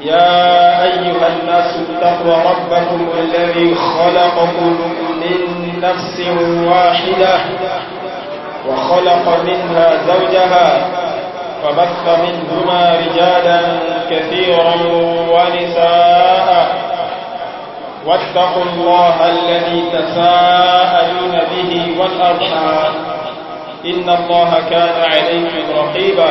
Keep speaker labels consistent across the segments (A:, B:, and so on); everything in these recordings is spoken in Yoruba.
A: يا أيها الناس اتقوا ربكم الذي خلقكم من نفس واحدة وخلق منها زوجها فبث منهما رجالا كثيرا ونساء واتقوا الله الذي تساءلون به والأرحام إن الله كان عليكم رقيبا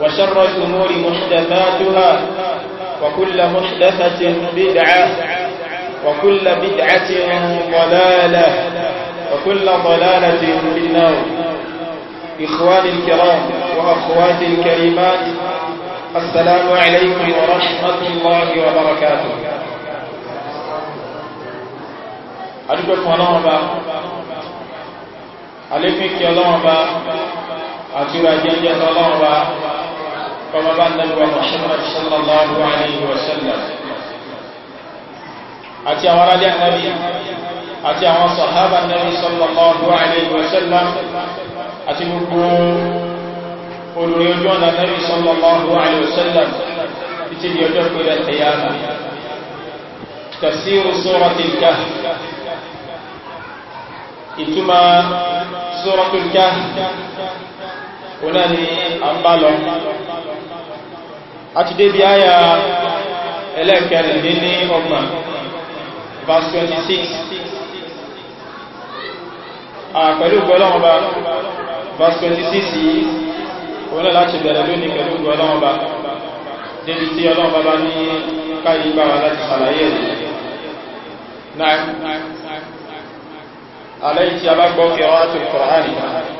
B: وشر الأمور محدثاتها
A: وكل محدثة بدعة وكل بدعة ضلالة وكل ضلالة في النار إخواني الكرام وأخواتي الكريمات السلام عليكم ورحمة الله وبركاته أدوك فنوبة عليكم كلامة
B: أتوى جنجة الله كما بان نبوة محمد صلى الله عليه وسلم
A: أتي أمراج النبي أتي وصحاب النبي صلى الله عليه وسلم أتي مبقون قلوا يجون النبي صلى الله عليه وسلم تجد يجب إلى القيامة تفسير سورة الكهف إتما سورة الكهف
B: ọ̀nà ni a ń bá lọ
A: a ti dé bí áyà ní ọgbọ̀n verse 26 a pẹ̀lú gbọ́lọ́wọ́ba verse 26 yìí ọ̀nà láti bẹ̀rẹ̀ lónìí pẹ̀lú gbọ́lọ́wọ́ba débi tí ọlọ́wọ́ba bá ní káyí bá wa láti sàlàyé rẹ̀ náà alẹ́ tí a bá tó kọ̀ọ̀hánì náà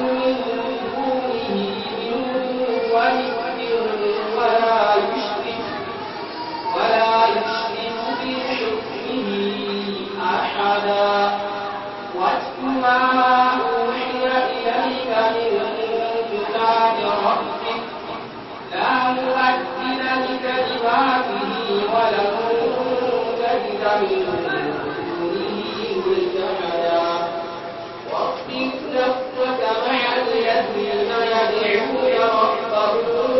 C: ما أوحي إليك من كتاب ربك لا مبدل لكلماته ولن تجد من ملتحدا واصبر نفسك مع الذين يدعون ربهم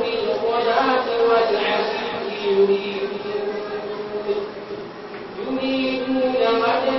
C: بالغداة والعشي يريدون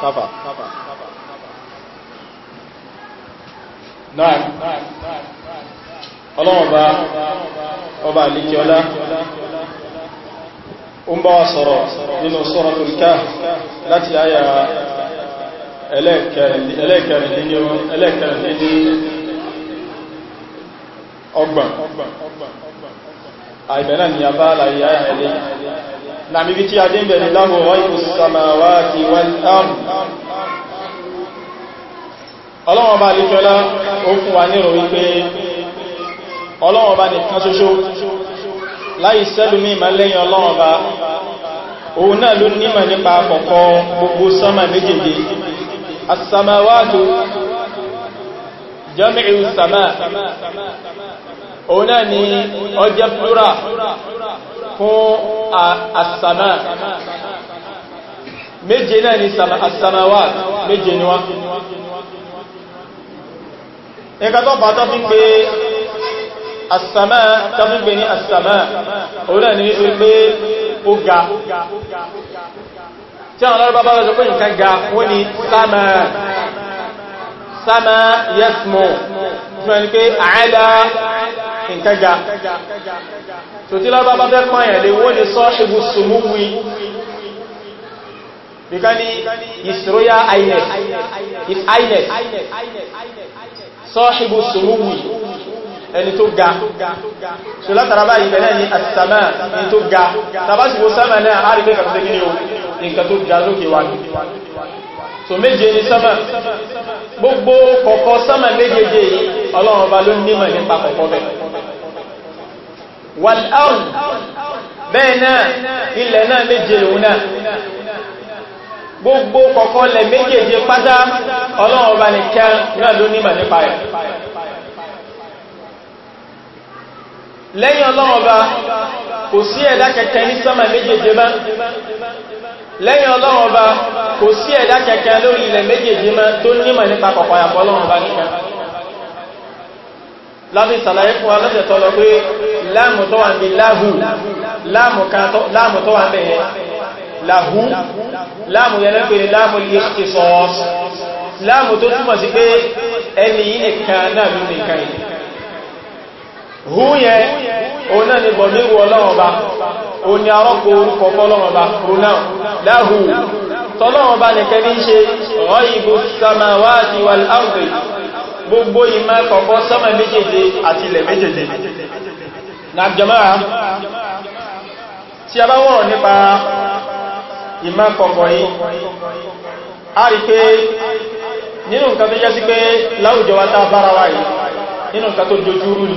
C: kafa náà ọlọ́wọ̀ba
B: ọba alikiola
A: ó ń bá wa sọ̀rọ̀ nínú suratul Kahf láti àyà ẹlẹ́ẹ̀kẹrìnlẹ́ ní ọgbọ̀n
B: àìbẹ̀ náà ni a bá àlàyé àyà ẹlẹ́ẹ̀kẹrìnlẹ́ làmìbí tí a dé bẹ̀ ní láhùn wọ́n ìkù sàmàwà ti wọ́n àrùn
A: ọlọ́wọ́n bá lè fẹ́lá ó fún wa nírò wípé ọlọ́wọ́n bá ní kan ṣoṣo láì sẹ́lú ní ìmọ̀lẹ́yìn ọlọ́wọ́n
C: bá fún
A: àsàmà méje náà ni àsàmàwà méje ni wá ẹka tó bá tọ́fí pé àsàmà tọ́fí pé ní àsàmà orílẹ̀ ní wípé pé ó ga tí àwọn ọlọ́rọ̀ bá bá lọ́jọ́ pé nǹkan ga wọ́n ni sàmà sáma yẹ́smọ̀ tí wọ́n ni pé àádá ìkẹga
B: tó tí lọ́bá bá fẹ́ pọ̀ yẹn lè wó ní sọ ṣubú sùmúwí
A: nìkan ni ìṣòróyá ainet
B: sọ ṣubú sùmúwí ẹni tó
A: ga ṣe látara báyìí bẹ̀rẹ̀ ni àtìsàmà ẹni tó ga tàbá ṣubú sáma náà á rí pé kàtàkì ní o nǹkan tó ga lókè wájú so méje ní sánmà gbogbo kọ̀kọ̀ sánmà méjèèjì yìí ọlọ́run ọba ló nímọ̀ nípa kọ̀kọ̀ bẹ̀ wal ard bẹ́ẹ̀ náà ilẹ̀ náà méje òun náà gbogbo kọ̀kọ̀ lẹ̀ méjèèjì pátá ọlọ́run ọba nìkan náà ló nímọ̀ nípa rẹ̀ lẹ́yìn ọlọ́run ọba kò sí ẹ̀dá kẹkẹ ní sánmà méjèèjì bá lẹ́yìn ọlọ́run ọba kò sí ẹ̀dá kẹkẹ lórí ilẹ̀ méjèèjì mọ́ tó nímọ̀ nípa kọ̀kọ̀ àpọ̀ ọlọ́run ọba nìkan láti sàlàyé fún alọ́sẹ̀ tó lọ pé láàmù tó wà ń bí láhù láàmù tó wà ń bẹ̀yẹ láhù láàmù yẹn pé láàmù lè ṣe sọ́ọ́sì láàmù tó túmọ̀ sí pé ẹni yìí nìkan náà ló nìkan
C: hu yẹn òun náà ni bọ̀díwò ọlọ́wọ̀ba
A: o ni arọ́pò orúkọ fọ́lọ́wọ̀ba pronoun láhù tọ́lọ́wọ̀ba nìkẹ́ ní ṣe rọ́ìbò samawati wal ardi gbogbo ìmá kọ̀kọ́ sọ́mà méjèèjì àti ilẹ̀ méjèèjì na jama'a tí a bá wọ́n nípa ìmá kọ̀kọ̀ yìí a rí pé nínú nǹkan tó jẹ́ sí pé láwùjọ wa tá bára wáyìí nínú nǹkan tó dojúrú ni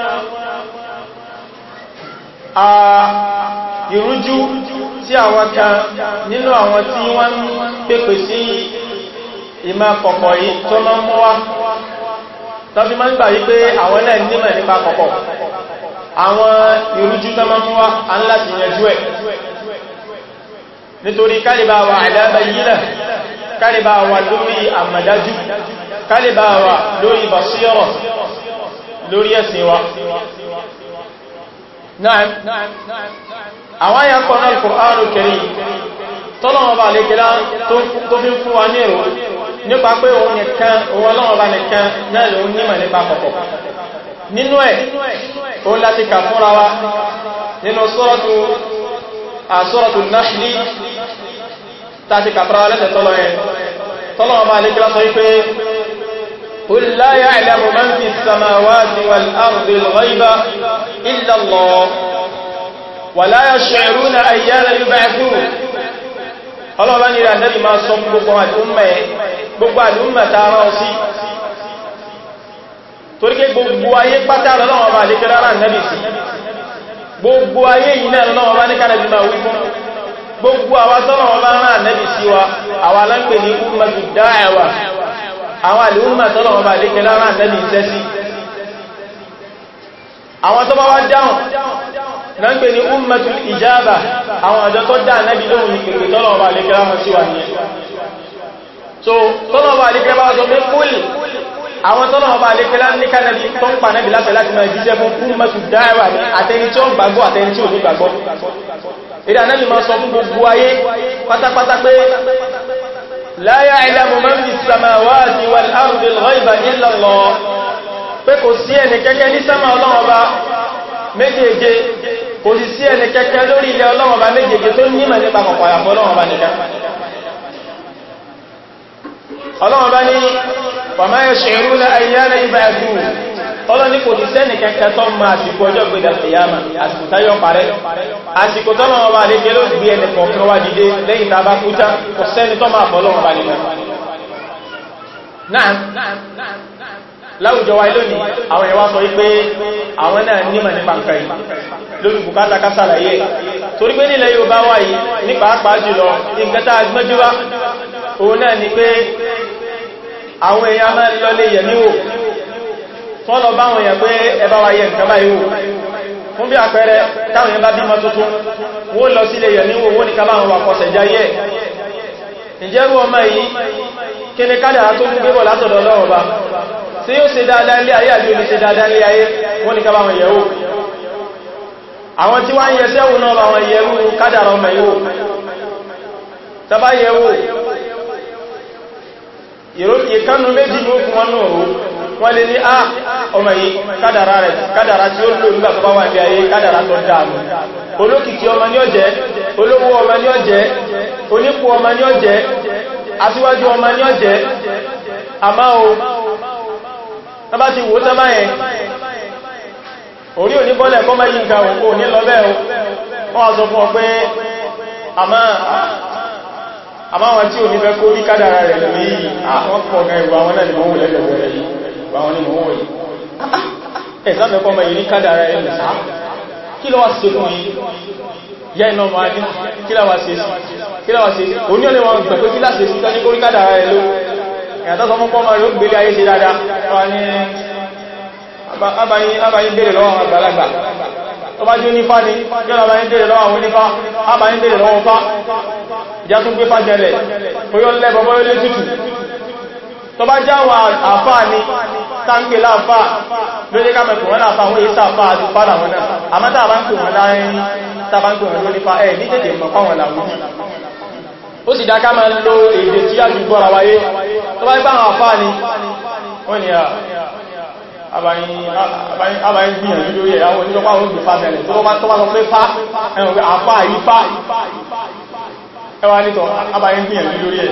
A: a ìrújú tí àwọn kan nínú àwọn tí wọ́n pèpè sí ìmá kọ̀kọ̀ yìí tó mọ́ mọ́ wá tọ́bí máa ń gbà wípé àwọn náà nímọ̀ nípa kọ̀kọ̀ àwọn ìrújú tó mọ́ mọ́ wá a ń láti yanjú ẹ̀ nítorí kálíbà wà àdábẹ̀yìnà kálíbà wà lórí àmàdájú kálíbà lórí ẹ̀sìn wa
B: àwọn àyà kọ́ náà Al-Qur'anul Karim tọ́lọ́mọba àlékẹ́lá tó fi ń fún wa nírò nípa
A: pé òun nìkan òun ọlọ́mọba nìkan náà lè ń nímọ̀ nípa kọ̀kọ̀ nínú ẹ̀ òun láti kà fúnra wa nínú Suratul Nahl tàti قل لا يعلم من في السماوات والأرض الغيب إلا الله ولا يشعرون أيان يبعثون ọlọ́rọ̀ ní ìrà nẹ́bì máa sọ gbogbo àdúmà tààrà sí torí pé gbogbo ayé pátá lọ́wọ́ bá lè kẹ́lára nẹ́bì sí gbogbo ayé yìí náà lọ́wọ́ bá ní kánàbí máa wí fún gbogbo àwásọ́lọ́wọ́ bá rán nẹ́bì sí wa àwà lápẹ̀ ní àwọn àlèúmà tọ́lọ̀ ọba àlékẹ́ lára àtẹ́bì ìṣẹ́sí àwọn tó bá wá dáhùn
B: na ń pè ní ummatul ijaba àwọn àjọ tó dá nẹ́bí lóhun ìpèrè tọ́lọ̀ ọba àlékẹ́ lára sí wà ní
A: so tọ́lọ̀ ọba àlékẹ́ bá sọ pé kúlì àwọn tọ́lọ̀ ọba àlékẹ́ lára ní tó ń pa nẹ́bí láfẹ́ láti máa jíṣẹ́ fún ummatul dáẹ̀wà ní àtẹni tí ó gbàgbọ́ àtẹni tí ò ní gbàgbọ́ ìdá nẹ́bí máa sọ fún gbogbo ayé pátápátá pé la ya'lamu man fi samawati wal ardi al-ghayba illa Allah pé kò sí ẹni kẹ́kẹ́ ní sánmà Ọlọ́run Ọba méjèèje kò sí sí ẹni kẹ́kẹ́ lórí ọlọ́ni kò ní sẹ́nì kẹ́kẹ́ tó ma àsìkò ọjọ́ gbé dàfẹ̀yàmà àsìkò táyọ̀ parẹ́ àsìkò tó máa wà léke ló gbé ẹnì kọ̀ọ̀kan wá dìde lẹ́yìn tá a bá kúta kò sẹ́ni tó máa bọ́lọ́ wà nínú
B: náà láwùjọ wa lónìí àwọn ẹ̀wà sọ wípé àwọn náà nímọ̀ nípa nǹkan yìí
A: lórí bùkátà kásàlàyé torí pé nílẹ̀ yóò bá wà yìí ní pàápàá jùlọ ìgbẹ́ta agbẹ́júwá òun náà ni pé àwọn èèyàn máa ń lọlé yẹ̀míwò
B: wọ́n lọ bá wọn yẹn pé ẹbá wa yẹ
A: nǹkan báyìí wò fún bí àpẹẹrẹ táwọn yẹn bá bímọ tuntun wọ́n lọ sílé yẹ̀ ní owó ní kàbáwọn wà kọsẹ̀ jayẹ́ ìjẹ́rú ọmọ yìí kí ni kádàrá tó gbé bọ̀ látọ̀dọ̀ lọ́wọ́ bá tí ayé ayé wọ́n lè ní á ah, ọmọ yìí kádàrá rẹ̀ kádàrá tí ó lò nígbà tó bá wà ní ayé kádàrá tó dáàmù olókìkí ọmọ ní ọjẹ́ olówó ọmọ ní ọjẹ́ onípò ọmọ ní ọjẹ́ aṣíwájú ọmọ ní ọjẹ́ àmá o tàbá ti wò tàbá yẹn orí òní bọ́lẹ̀ kọ́ mẹ́yìn ga òkú ní lọ́bẹ̀ o wọ́n sọ fún ọ pé àmá tí ò ní fẹ́ kó rí kádàrá rẹ̀ lórí ah, àwọn pọ̀ gan ìwà wọn náà ni wọ́n yìí ẹ̀sàmẹ́kọ́ ọmọ yìí ní kádàrà ẹ̀ lùsá kí ló wá ṣe fún yìí
B: yẹ́ iná ọmọ adé kí ló wá ṣe sí kí ló wá ṣe sí òní ọlẹ́ wọn gbẹ̀ pé kí láṣe sí tọ́ní kórí kádàrà ẹ̀ ló ìyàtọ́sọ mọ́ pọ́mọ rẹ̀ ó gbélé ayé ṣe dáadáa wà ní
A: abáyé bèèrè lọ́wọ́ àgbàlagbà
B: tó bá jí onífá ni yọ́la bá ń bèèrè lọ́wọ́ àwọn onífá a bá ń bèèrè lọ́wọ́ fá ìjá tún gbé fá jẹlẹ̀ bóyọ́ lẹ́bọ̀ bóyọ́
A: tó bá jáwà àfá ní tánkè láàfá lórí ká mẹ́kùn wọ́n láàfá wọ́n èsà àfá àti padà wọn náà àmátà bá ń pè wọ́n láàrin tàbá ń pè wọ́n lórí fa ẹ̀ ní tètè mọ̀ fáwọn làwọn ó sì dáká máa lo èdè tí a jù gbọ́ra wáyé tó bá gbá àwọn àfá ní wọ́n ni àbáyín gbìyànjú lórí ẹ̀ àwọn onílọ́pàá òun gbèfà bẹ̀rẹ̀ tó bá tọ́wà lọ pé fá ẹ̀wọ̀n àfá yìí fá
B: ẹwà nítọ̀ àbáyín gbìyànjú lórí ẹ̀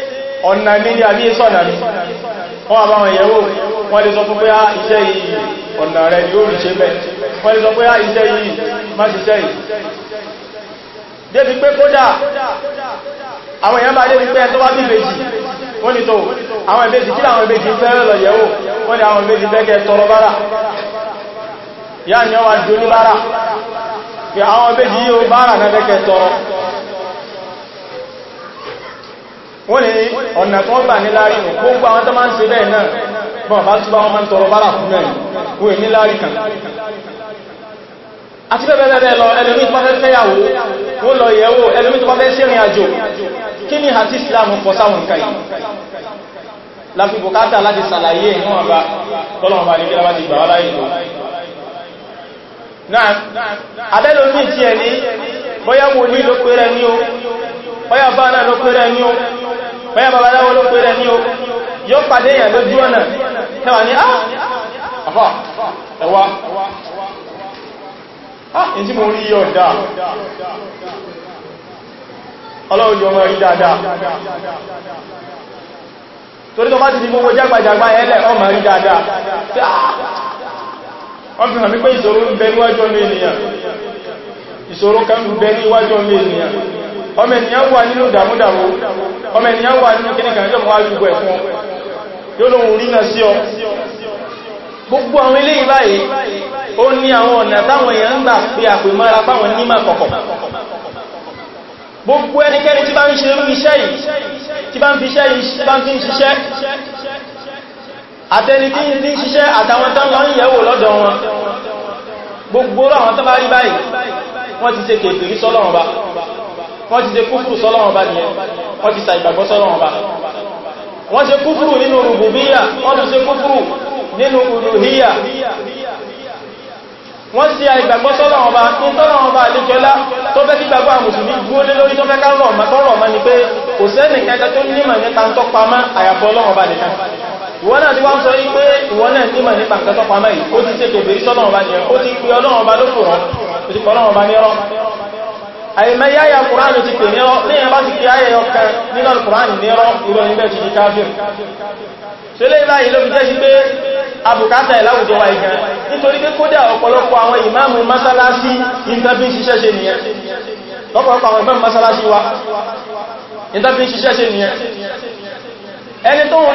A: ọ̀nà mi ní àbí ìsọ̀nà mi wọ́n àbá wọn yẹ̀wò wọ́n lè sọ fún pé á ah, iṣẹ́ yìí ọ̀nà rẹ̀ ni ó rí ṣe bẹ́ wọ́n lè sọ pé á ah, iṣẹ́ yìí má ṣiṣẹ́ yìí débi pé kódà
B: àwọn èèyàn bá débi pé tó bá bí ìbejì wọ́n ni tó àwọn ìbejì kí àwọn ìbejì fẹ́rẹ̀ lọ yẹ̀wò wọ́n ni àwọn ìbejì bẹ́kẹ́ tọrọ bára yá ni wọ́n wá dúró bára pé àwọn ìbejì yíò bára náà bẹ́kẹ́ tọrọ
A: wọ́n ni ọ̀nà tó ń gbà ní láàrin gbogbo àwọn tó máa ń ṣe bẹ́ẹ̀ náà bọ́n bá túbá wọn máa ń tọrọ bára fún mẹ́rin wọ́n láàrin kan àti lọ ẹlòmí tó bá fẹ́ fẹ́yàwó wọ́n lọ yẹ̀wò ẹlòmí tó bá fẹ́ sí ìrìn àjò kí ni bóyá babaláwo ló pé ní o yóò pàdé èèyàn lójú ọ̀nà ẹwà ní àà ẹwà
B: in tí mo rí yọ dá
C: ọlọ́run yọ mọ́ rí dáadáa
A: torí tó bá ti di gbogbo jágbàjàgbà ẹlẹ́ ọmọ rí dáadáa ah, wọ́n fi hàn mí pé ìṣòro ń bẹ níwájú ọmọ ènìyàn ìṣòro kan ń bẹ níwájú ọmọ ènìyàn ọmọ ènìyàn wà nínú dàmúdàmú ọmọ ènìyàn wà nínú kíníkà ẹjọ́ wá gbogbo ẹ̀fún
B: yóò lóhun rí náà sí ọ gbogbo àwọn ilé ìbáyìí ó ní àwọn ọ̀nà táwọn èèyàn ń gbà fi àpè mọ́ra fáwọn nímà kọ̀kọ̀
A: gbogbo ẹnikẹ́ni tí bá ń ṣe irú iṣẹ́ yìí tí bá ń fi iṣẹ́ yìí tí bá ń fi ń ṣiṣẹ́ àtẹni tí ń ṣiṣẹ́ àtàwọn tán lọ ń yẹ̀wò lọ́dọ̀ wọn
B: gbogbo àwọn tán bá rí báyìí wọ́n ti ṣe kèfèrí sọ́lọ́run bá wọ́n ti ṣe kúfùrù sọ́lọ́wọ́n bá nìyẹn wọ́n ti ṣàìgbàgbọ́ sọ́lọ́wọ́n bá
A: wọ́n ṣe kúfùrù nínú rùbùbíyà wọ́n tún ṣe kúfùrù nínú uluhiyya wọ́n ti àìgbàgbọ́ sọ́lọ́wọ́n bá ní tọ́lọ́wọ́n bá àdíjọlá tó fẹ́ kí gbàgbọ́ àmùsùlùmí dúó lé lórí tó fẹ́ kárọ̀ ọ̀mọ́kọ́rọ̀ ọ̀mọ́ ni pé kò sẹ́nì kẹta tó nímọ̀ nípa tó pamá àyàfọ́ ọlọ́wọ́n bá nìkan ìwọ́n náà ti wá ń sọ yí pé ìwọ́n náà nímọ̀ nípa nǹkan tó pamá yìí ó ti ṣe kèbèrí sọ́lọ́wọ́n bá nìyẹn ó ti pe ọlọ́wọ́n bá lókùrọ̀ ó ti pọ̀ ọlọ́wọ́n bá ní ọ̀rọ̀ àìmẹ́yà ayà kùránì ti pè nírọ́ ní ẹ̀bá ti pè ayà ọkà nínú kùránì nírọ́ ìrọ̀ níbẹ̀ ti di káfíìn ṣe lè báyìí ló fi jẹ́ sí pé abùkátà ìláwùjọ wa ìgbà nítorí pé kódà ọ̀pọ̀lọpọ̀ àwọn ìmáàmù mọ́sálásí ìntàbí ṣiṣẹ́ ṣe nìyẹn lọ́pọ̀lọpọ̀ àwọn ìmáàmù mọ́sálásí wa
B: ìntàbí ṣiṣẹ́ ṣe nìyẹn ẹni tó ń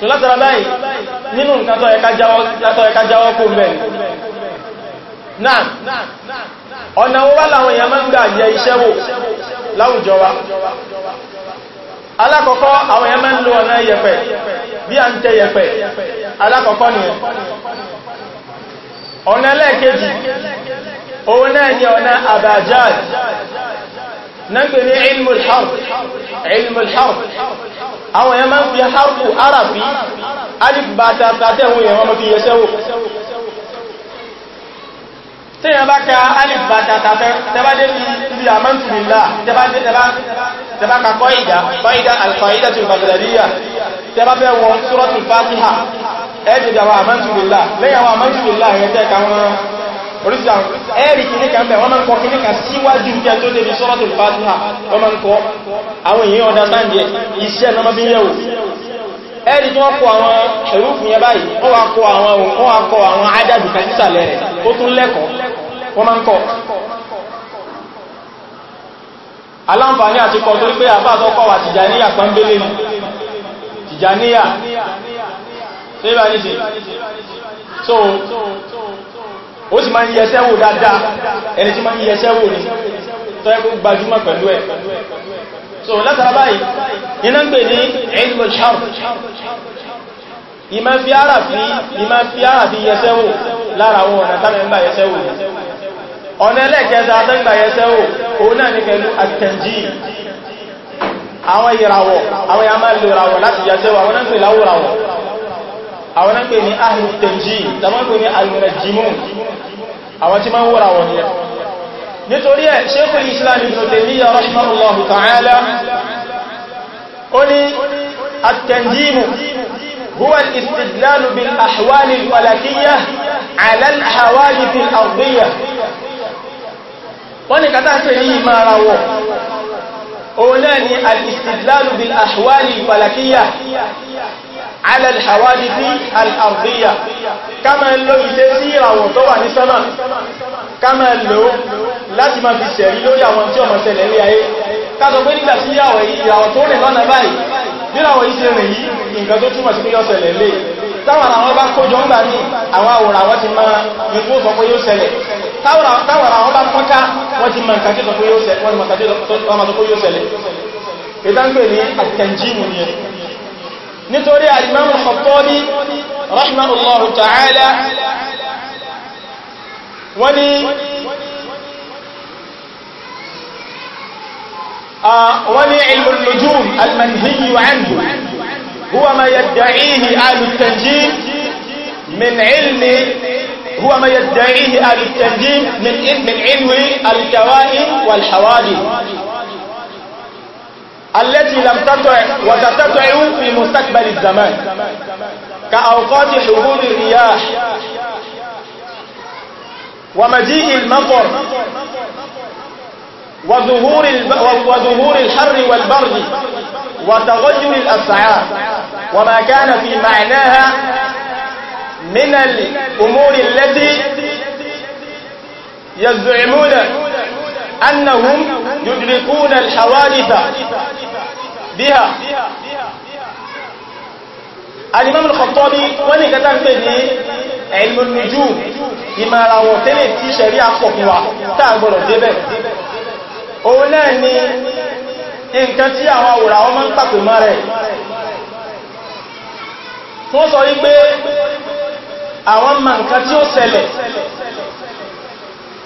B: so látara báyìí nínú nǹkan tó ẹka jáwọ́ kó mẹ́ náà
A: ọ̀nà wọ́n wá láwọn èèyàn máa ń gbà yẹ iṣẹ́ wò láwùjọ wa alákọ̀ọ́kọ́ àwọn èèyàn máa ń lo ọ̀nà yẹ̀pẹ̀ bí a ń tẹ yẹ̀pẹ̀ alákọ̀ọ́kọ́ nìyẹn ọ̀nà ẹlẹ́ẹ̀kejì òun náà ni ọ̀nà àbájáàdì
B: nẹ́gbẹ̀ ní ilmul harf ilmul harf àwọn èèyàn máa ń fi harfu arabi
A: alifbata tàtẹ̀wò èèyàn wọ́n fi yẹsẹ́wò tí yẹn bá ká alifbata tàtẹ̀ tẹ́bádé bí i àmọ́ntùmílá tẹ́bá ka kọ́ìdá kọ́ìdá alfàídá tó bagdadiyya tẹ́bá fẹ́ wọ suratul fatiha ẹ́dẹ̀dẹ̀ àwọn àmọ́ntùmílá lẹ́yìn àwọn àmọ́ntùmílá yẹn tẹ́ oríṣìí àwọn ẹ̀rì kìníkà ń bẹ̀ wọ́n máa ń kọ kìníkà síwájú kí a tó débi suratul Fatiha wọ́n máa ń kọ àwọn èèyàn ọ̀dá sáàndì iṣẹ́ náà bí yẹ̀wò ẹ̀rì tí wọ́n kọ àwọn ẹ̀rùfin yẹ báyìí wọ́n wá kọ àwọn ohun wọ́n wá kọ àwọn ájádù kan sísàlẹ̀ rẹ̀ ó tún lẹ́kọ̀ọ́ wọ́n máa ń kọ aláǹfààní àti kọ torí pé àbáàtọ́ kọ wà tìjàníyà pọ́nbélé ni tìjàníyà
B: tí ó bá ní sí so ó sì máa ń yẹsẹ́ wò dáadáa ẹni tí máa ń yẹsẹ́ wò ní tó ẹkù gbajúmọ̀ pẹ̀lú ẹ̀
A: so látara báyìí iná ń pè ní ilmul sharf
B: ìmá fi ara fi ìmá fi ara fi yẹsẹ́ wò lára
A: àwọn ọ̀nà tánà ń gbà yẹsẹ́ wò ní ọ̀nà ẹlẹ́kẹta tán gbà yẹsẹ́ wò òun náà ní pẹ̀lú àtẹ̀jì àwọn ìràwọ̀ àwọn ìyàmá lè ràwọ̀ láti yẹsẹ́ wò àwọn náà ń pè láwòràwọ̀ àwọn náà pè ní ahlu tanjim tàbí pè ní al-munajjimun àwọn tí ma ń wúra wọn yẹ nítorí ẹ̀ Shaykhul Islam ní at-tanjimu هو الاستدلال بالأحوال الفلكية على الحوادث الأرضية wọ́n ni kàtà pè ní ìmọ̀ ara òun náà ni al-istidlal bil ahwal falakiyya ala al-hawadithi al-ardiyya ká máa lo ìṣesí ìràwọ̀ tó wà ní sánmà ká máa lò láti máa fi ṣẹ̀rí lórí àwọn tí ó máa ṣẹlẹ̀ ní ayé ká sọ pé nígbà tí ìyàwó ìràwọ̀ tó rìn lọ́nà báyìí níràwọ̀ ìṣe rìn yìí nǹkan tó túmọ̀ sí pé yóò ṣẹlẹ̀ lè táwọn àwọn bá kójọ ń gbà ní àwọn àwòrán wọ́n ti máa ikú sọ pé yóò ṣẹlẹ̀ táwọn àwọn bá pọ́nká wọ́n ti máa nǹkan tí sọ pé yóò نتوري الإمام الخطابي رحمه الله تعالى وني آه، وني علم النجوم المنهي عنه هو ما يدعيه آل التنجيم من علم هو ما يدعيه آل التنجيم من علم الكوائن والحوادث التي لم تطع وستطع في مستقبل الزمان كأوقات حبوب الرياح
B: ومجيء المطر
A: وظهور وظهور الحر والبرد وتغير الأسعار وما كان في معناها من الأمور التي يزعمون أنهم يدركون الحوادث بها الإمام الخطابي ولي كتاب به علم النجوم إما لو تلت شريعة قطوة تأمر الدبل أولاني إن كانت يعوى ولا ومن تقوى ماري wọ́n sọ wípé àwọn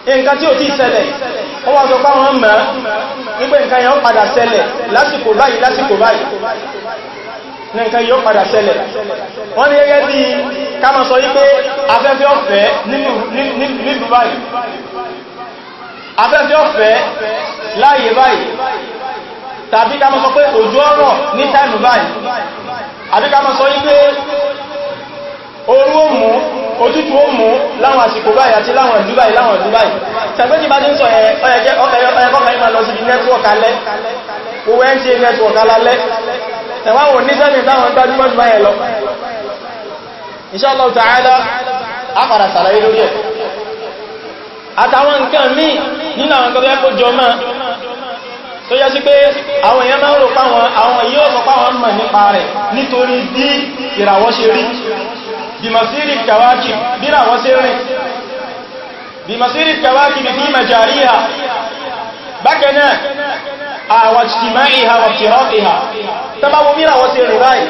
A: nǹkan tí ó tí ṣẹlẹ̀ ó wá sọ pá wọn mọ̀ wípé nǹkan padà ṣẹlẹ̀ lásìkò báyìí lásìkò báyìí ní nǹkan yóò padà ṣẹlẹ̀ wọ́n ní gẹ́gẹ́ bí n'i sọ wípé afẹ́fẹ́ ọ̀fẹ́ nílùú báyìí afẹ́fẹ́ ọ̀fẹ́
B: láàyè báyìí
A: tàbí sọ pé òjò ọ̀rọ̀ ní táìmù báyìí àbí ká sọ wípé orú ó mú òtútù ó mú láwọn àsìkò báyìí àti láwọn Dubai láwọn Dubai tàbí bá ti ń sọ ẹ̀ẹ́kọ́kẹ́ lọ sí ibi network alẹ́ owó NTA network alẹ́ tẹ̀wọ́n wò ní sẹ́mì táwọn gbájúmọ́ jù báyẹ̀ lọ Insha Allah Ta'ala
B: àpàdà sàlàyé lórí ẹ̀
A: àtàwọn nǹkan míì nínú àwọn nǹkan tó yẹ kó jọ máa tó yẹ sí pé àwọn èèyàn máa ń rò páwọn àwọn yíò sọ páwọn mọ̀ nípa rẹ̀ nítorí bí ìràwọ̀ ṣe rí بمصير الكواكب بلا وسير بمصير الكواكب في مجاريها بكنا واجتماعها وافتراقها تمام بلا وسير راي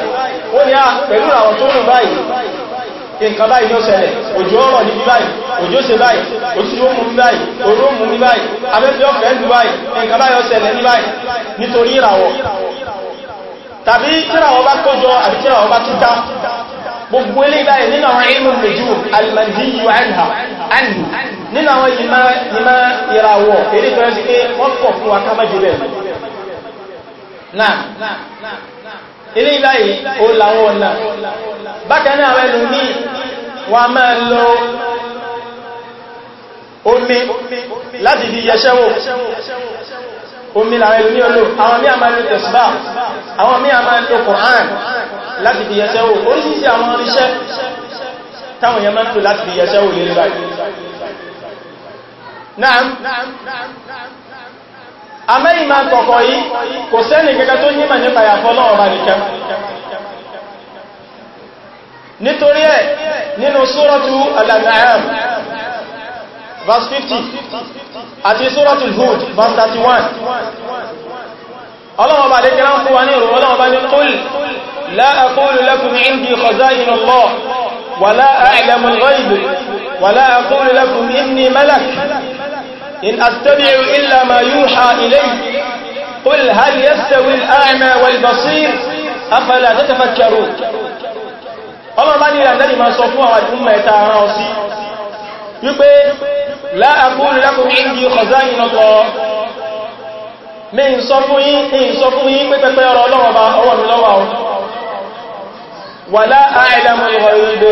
B: ونيا بلونا وطول راي
A: nǹkan báyìí ló ṣẹlẹ̀ òjò ọ̀rọ̀ níbi báyìí òjò ṣe báyìí òtútù ó mú mi báyìí òru ó mú mi báyìí abẹ́fẹ́ ọ̀fẹ́ ń du báyìí nǹkan báyìí ó ṣẹlẹ̀ ní báyìí nítorí ìràwọ̀ tàbí tíràwọ̀ bá kójọ àbí tíràwọ̀ bá túká gbogbo ilé ìbáyẹ̀ nínú àwọn ilmù lójú alìmọ̀díyù àìhà àìhù nínú àwọn ìmá ìràwọ̀ èdè tó rẹ̀ sí pé wọ́n pọ̀ fún akámájúlẹ̀ náà
B: ilé ìbáyẹ̀ ó láwọn
A: omi làwọn ẹlùmí ọlò àwọn mí a máa lò tẹ̀sùbá àwọn mí a máa lò Kùránì láti fi yẹsẹ́ wò oríṣìí àwọn iṣẹ́ táwọn yẹn máa ń lò láti fi yẹsẹ́ wò lè rà náà amẹ́yìn máa kọ̀kọ̀ yìí kò sẹ́nì gẹ́gẹ́ tó nítorí ẹ̀ nínú Sūratu Al-An'ām verse 50 àti suratul Hud verse 31 ọlọ́wọ́ bá lékẹ́ rán fún wa ní ìrùn ọlọ́wọ́ bá ní qul la aqulu lakum indi khaza'inullah wa la a'lamu al-ghayb wa la aqulu lakum inni malak in attabi'u illa ma yuha ilayya
B: qul hal yastawi al-a'ma wal basir
A: afala tatafakkarun ọlọ́wọ́ bá ní ìrànlẹ́ wípé láàkúrù lákùn ìdí ọ̀zá ìnàkọ̀ mi ń sọ fún yín pé pẹ́pẹ́ ọ̀rọ̀ ọlọ́wọ́ wàlá àìdàmù ìwọ̀lúdé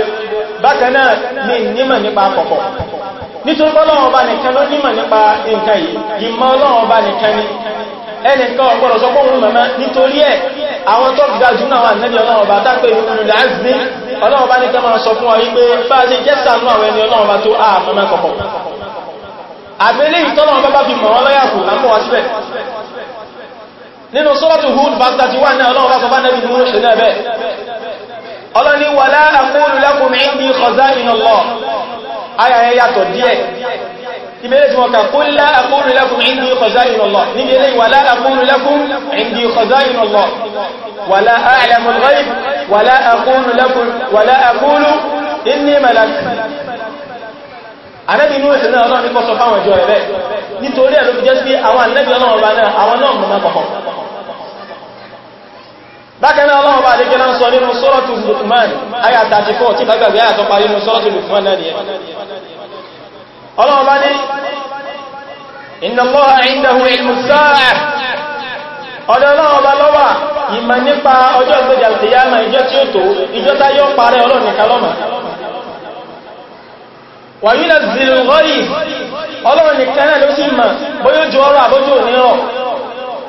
A: bákanáà ní nímọ̀ nípa àkọ́kọ́ nítorí Ọlọ́run bá nìkan ló nímọ̀ nípa nǹkan yìí ìmọ̀ Ọlọ́run bá nìkan ní ẹnìkan ọgbọ̀rọ̀ sọ pọ́ òun mẹ́mẹ́ nítorí ẹ̀ àwọn tó gbà jù náà wà nẹ́bí Ọlọ́run bá tápẹ́ ìrìnlẹ̀ azmi Ọlọ́run bá nìkan máa sọ fún wa wípé bá a ṣe jẹ́sà náà àwọn ẹni Ọlọ́run bá tó àmọ́mẹ́ kọ̀kọ̀ àbẹ́lẹ́ ìtọ́lọ́run bá bá fi mọ̀ wọ́n lọ́yàkù lápọ̀ wá síbẹ̀ nínú sọ́rọ̀tù Hud bá 31 náà Ọlọ́run bá sọ bá nẹ́bí mú ṣe náà bẹ́ẹ̀
B: ọlọ́ni wà láàkúrù lakum indi khazainallah
A: ayàyẹ yàtọ̀ díẹ̀ ìbẹ̀rẹ̀ tí wọ́n ká kó láàkúrù lakum indi khazainallah níbi ilé wà láàkúrù lakum indi khazainallah wà láàkúrù ghaib wà láàkúrù lakum wà láàkúrù inni malak àrẹ́bì inú ìsìn náà náà ní kọ́ fáwọn ìjọ rẹ̀ nítorí ẹ̀lú jẹ́ sí àwọn àrẹ́bì ọlọ́run bá náà àwọn náà mọ̀ náà bákaná ọlọ́run bá lékẹ́ náà sọ nínú sọ́rọ̀tù lukman ayà 34 tí gbàgbàgbé àyà tó parí nínú sọ́rọ̀tù lukman náà nìyẹn ọlọ́run bá ní inna Allaha indahu ilmu as-sa'ah ọ̀dọ̀ ọlọ́run bá lọ́wà ìmọ̀ nípa ọjọ́ ìgbẹ̀jà ìyáma ìjọ tí ó tó ìjọ tá yọ parẹ́ ọlọ́run nìkan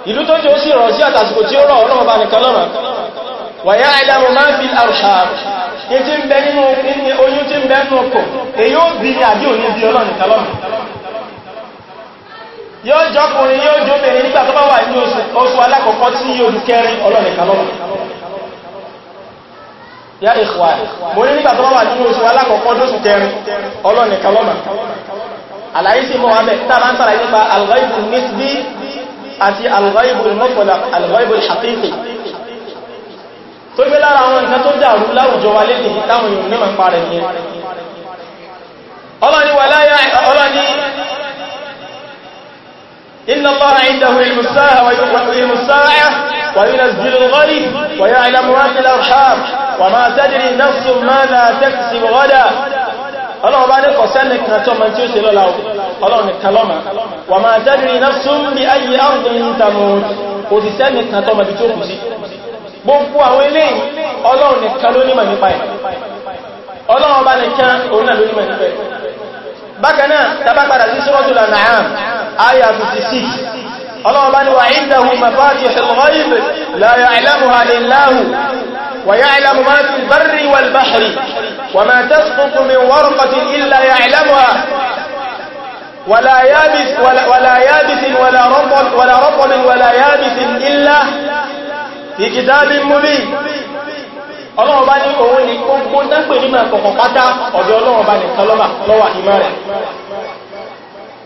A: ìlú tó jẹ́ ó sì rọ̀ sí àtàsìkò tí ó rọ̀ ọlọ́run bá nìkan lọ́rọ̀ wàyá àìdàmù máa fi àrùsàrù ìtí ń bẹ nínú oyún tí ń bẹ nínú ọkọ̀ èyí ó bí ní àbí òní bí ọlọ́run nìkan lọ́rọ̀ yóò jọkùnrin yóò jóbìnrin nígbà tó bá wà ní oṣù alákọ̀ọ́kọ́ tí yóò dù kẹrin ọlọ́run mo ní nígbà tó bá wà ní oṣù àti al-ghaibul mutlaq al-ghaibul haqiqi
B: tó gbé lára àwọn nǹkan tó dàrú láwùjọ wa lè dìí táwọn èèyàn náà ń parẹ̀ ní
A: ọlọ́ni wà láyá ọlọ́ni inna Allaha indahu ilmu as-sa'a ọlọ́run bá ní kọ̀sẹ́ nìkan tó mọ̀ tí ó ṣe lọ́la ọlọ́run nìkan lọ́mà wà máa tadri nafsun bi ayyi ardin tamut òṣìṣẹ́ nìkan tó mọ̀ tí ó kù sí gbogbo àwọn ilé ọlọ́run nìkan ló nímọ̀ nípa ẹ̀ ọlọ́run bá nìkan òun náà ló nímọ̀ nípa ويعلم ما في البر والبحر وما تسقط من ورقة إلا يعلمها ولا يابس ولا, ولا يابس ولا رطب ولا رطب ولا يابس إلا
B: في كتاب مبين
A: ọlọ́run bá ní òun ni ó gbóná pè ní màá pátá ọ̀dọ̀ ọlọ́run bá nìkan lọ́wà ìmá rẹ̀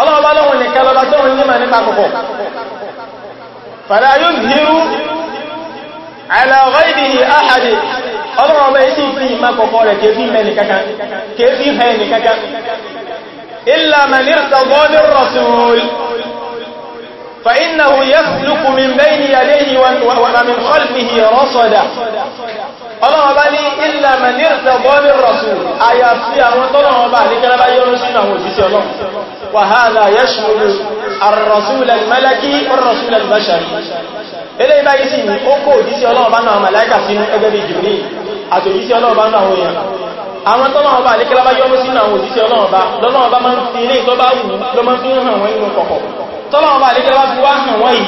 B: ọlọ́ọ̀bá lọ́wọ́ nìkan lọ́ba tó ń nímọ̀ nípa kọ̀kọ̀
A: fàlá yóò zírú àìlàọ̀rọ̀ ìdí àhàdì ọlọ́ọ̀bá ìsì fi ìmá kọ̀kọ̀ rẹ̀ kéfì mẹ́ni kankan فإنه يسلك من بين يديه ومن خلفه رصدا ọlọ́wọ́ bá ní ilẹ̀ mẹ́nìrìtẹ̀ bọ́mí rọ̀sù àyà sí àwọn tọ́lọ́wọ́ bá ní kẹ́lẹ́bá yọ́rọ̀ sí àwọn òjísẹ́ ọlọ́wọ́ wàhálà yẹ́ṣùlù àrọ̀sùlẹ̀ mẹ́lẹ́kí rọ̀sùlẹ̀ bẹ́ṣẹ̀rí ilé ìbáyìí sí ó kó òjísẹ́ ọlọ́wọ́ bá náà mẹ́lẹ́kà sínú ẹgbẹ́ bí jìbìrì àtòjísẹ́ ọlọ́wọ́ bá náà àwọn èèyàn àwọn tọ́lọ́wọ́ bá lékẹ́lá bá yọ́mú sínú àwọn òjísẹ́ ọlọ́wọ́ bá lọ́lọ́wọ́ bá máa ń fi ilé ìtọ́ bá wù lọ́mọ́ fi ń hàn wọ́n nínú kọ̀kọ̀ tọ́lọ́wọ́ bá lè kílá fi wá hàn wọ́n yìí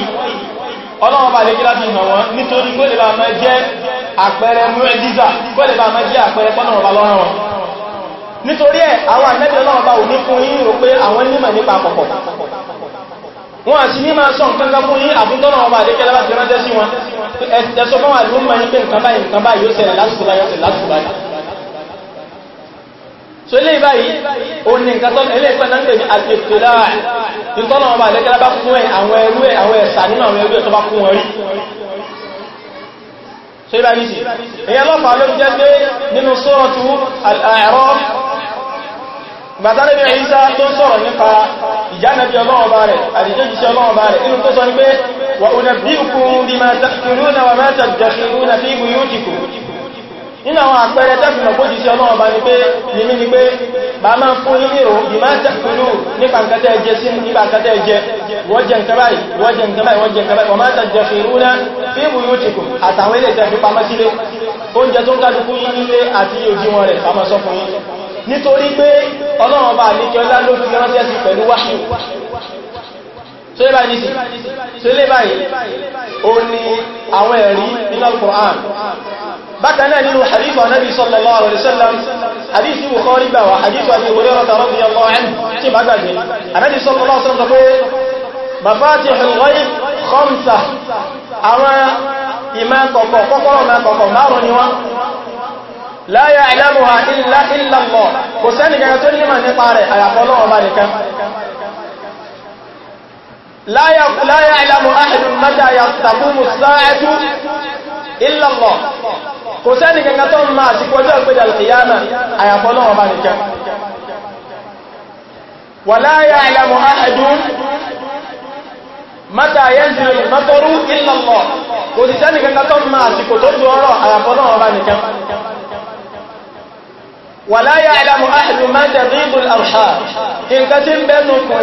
A: ọlọ́wọ́ bá lè kílá fi hàn wọ́n nítorí kó lè bá máa jẹ́ àpẹẹrẹ mẹ́rẹ́díza kó lè bá máa jẹ́ àpẹẹrẹ pọ́nàwọ́ bá lọ́rọ̀ wọn nítorí ẹ̀ àwọn àmẹ́bí ọlọ́wọ́ bá òní fún yín rò pé àwọn nímọ̀ so ilé ìbáyìí o ní nǹkan tọ́nà ilé ìpẹ́ náà ń tẹ̀lé àtẹ̀tẹ̀lá tí tọ́nà ọmọ àdẹ́gẹ́lá bá fún ẹ̀ àwọn ẹrú ẹ̀ àwọn ẹ̀sà nínú àwọn ẹrú ẹ̀ tó bá fún wọn rí so ìbáyìí sí èyàn lọ́pàá ló jẹ́ pé nínú sọ́ọ̀tù nínú àwọn àpẹẹrẹ tẹ́fì mọ̀ bójì sí ọlọ́wọ́ bá ní pé nìmí ni pé bá máa fún yí nírò ìmá tẹ́kùlù nípa nǹkan tẹ́ jẹ sí nípa nǹkan tẹ́ jẹ wọ́n jẹ nǹkan báyìí wọ́n jẹ nǹkan báyìí wọ́n jẹ nǹkan báyìí wọ́n máa tẹ́jẹ fi rú náà fi bù yóò tìkù àtàwọn ilé tẹ́fì pamọ́ sílé oúnjẹ tó ń kálukú yí nílé àti òdiwọ̀n rẹ̀ pamọ́ sọ fún yín nítorí pé ọlọ́wọ́ bá ní kí ọlá ló fi ránṣẹ́ sí pẹ̀lú wáṣù Al-Qur'an bákan náà nínú hadithu anabi sallallahu alaihi wasallam hadithu bukhari gbà wá hadithu abi hurairah radiyallahu anhu tí bá gbàgbé anabi sallallahu alaihi wasallam sọ pé mafatihul ghaib khamsa àwọn ìmá kọ̀kọ̀ kọ́kọ́rọ̀ ma kọ̀kọ̀ bá nìkan la ya'lamu ahadun mata taqumu as-sa'atu illallah kò sẹ́ni kankan tó ń máa sí kọjọ́ ìpẹ́jà alkiyama àyàfọ́lọ́wọ́ bá nìkan
B: wala ya'lamu ahadun
A: mata yanzilu al-mataru illallah kò sí sẹ́ni kankan tó ń máa sí kò tó ju ọ̀rọ̀ àyàfọ́lọ́wọ́ bá nìkan wala ya'lamu ahadun ma taghiddu al-arham nǹkan tí ń bẹnu kùn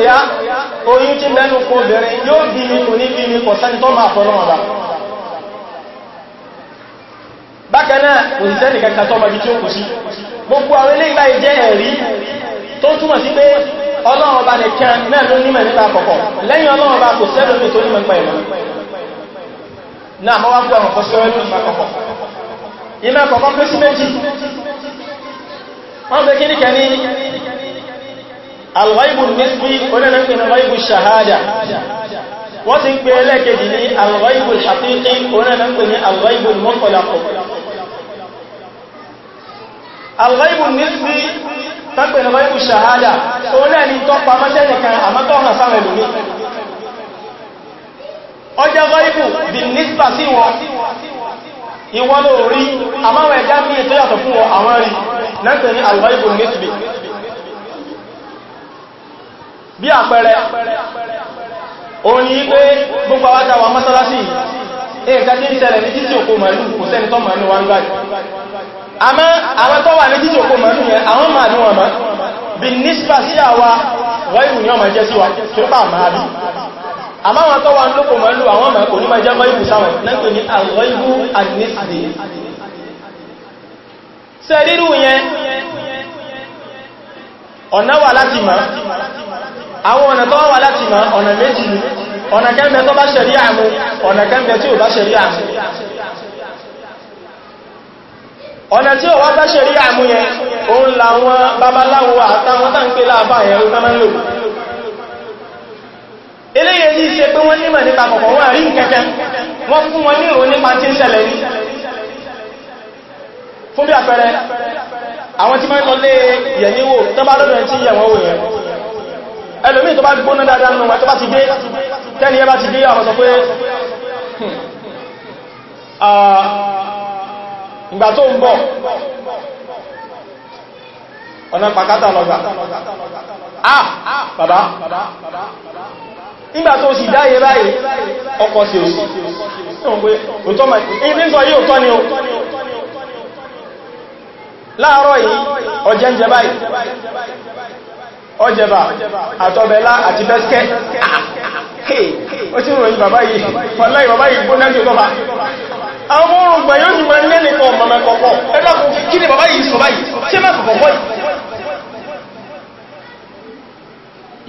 A: oyún tí ń bẹnu bẹ̀rẹ̀ yóò bí mi kò ní bí mi kò sẹ́ni tó máa fọ́lọ́wọ́ bá bákanáà kò sí sẹ́nì kankan tó ọmọ ibi tí ó kù sí gbogbo àwọn ilé ìgbà ìjẹ́ ẹ̀rí tó túmọ̀ sí pé ọlọ́run ọba nìkan náà ló nímọ̀ nípa àkọ́kọ́ lẹ́yìn ọlọ́run ọba kò sẹ́lómi tó nímọ̀ nípa ìmọ̀ náà mọ́ wá fún àwọn fọ́síwẹ́lú nípa àkọ́kọ́ ìmọ̀ àkọ́kọ́ pé sí méjì
B: wọ́n fẹ́ kí ní kẹ́ ní
A: alwaibu nisbi onẹ́lẹ́pẹ̀ ní alwaibu shahada wọ́n ti ń pè ẹlẹ́kẹ̀ẹ́jì ní alwaibu haqiqi onẹ́lẹ́pẹ̀ ní alwaibu mọ́kànlá kọ̀kọ́ al nisbi tọ́pẹ̀ ní ghaibu shahada onye na ni to pa mọ́sẹ́ nìkan àmọ́tọ́ hàn sáwọn ẹlòmí ọjọ́ nisba sí wọn
B: ìwọ́n ló rí àmáwọn ẹ̀dá ní ètò yàtọ̀ fún wọn àwọn rí náà nisbi
A: ni gbogbo àwọn àtàwọn mọ́sálásí èèkà tí ń ṣẹlẹ̀ ní títí òkú màálù àmá àwọn tó wà ní títò kó mọ̀ nìyẹn àwọn máa ní wọn mọ́ bí níspa sí àwa wáìbù ní ọmọ jẹ́ sí wa tí ó bá máa bí àmá àwọn tó wà ní lókò mọ́ lù àwọn mọ̀ kò ní máa jẹ́ wáìbù sáwọn lẹ́kùn ní àwọ̀ìbù àdínísìdì sẹ́ rírù yẹn ọ̀nà wà láti mọ̀ àwọn ọ̀nà tó wà láti mọ̀ ọ̀nà méjì ọ̀nà kẹ́mẹ́ tó bá ṣẹ̀rí àmú ọ̀nà kẹ́mẹ́ tí ò bá ṣẹ̀rí àmú ọ̀nà tí ó wá bá ṣe rí àmúyẹ òun làwọn babaláwo àtàwọn tàn pé láàbà ẹ̀ ń tánmà lò eléyẹ yìí ṣe pé wọ́n nímọ̀ nípa kọ̀kọ̀ wọ́n rí kẹ́kẹ́ wọ́n fún wọn ní ìròyìn nípa tí ń ṣẹlẹ̀ ní fún bí àpẹẹrẹ àwọn tí mẹ́kọ́ lé yẹ̀yíwò tó bá lọ́dọ̀ tí yẹ̀wọ̀n wò yẹn ẹlòmí tó bá gbóná
B: dáadáa
A: ìgbà tó ń bọ̀ ọ̀nà pàkátà lọ́gbà
B: ah bàbá
A: nígbà tó sì dáyé báyìí ọkọ̀ sí òsì ìpínsọ yíò tọ́ ni o láàárọ̀ yìí ọjẹ́ ń jẹ báyìí ọjẹba àtọ́bẹ̀lá àti bẹ́skẹ́
B: ó tí ròyìn bàbá yìí pọ̀lá ìbàbá yìí gbóná sí ọgọ́fà
A: àwọn orùgbà yóò ní wọn lẹ́nìkan mọ̀mọ̀ kọ̀kọ̀ ẹlọ́kùn kí ni bàbá yìí sọ báyìí ṣe mẹ́ kọ̀kọ̀ wọ́yìí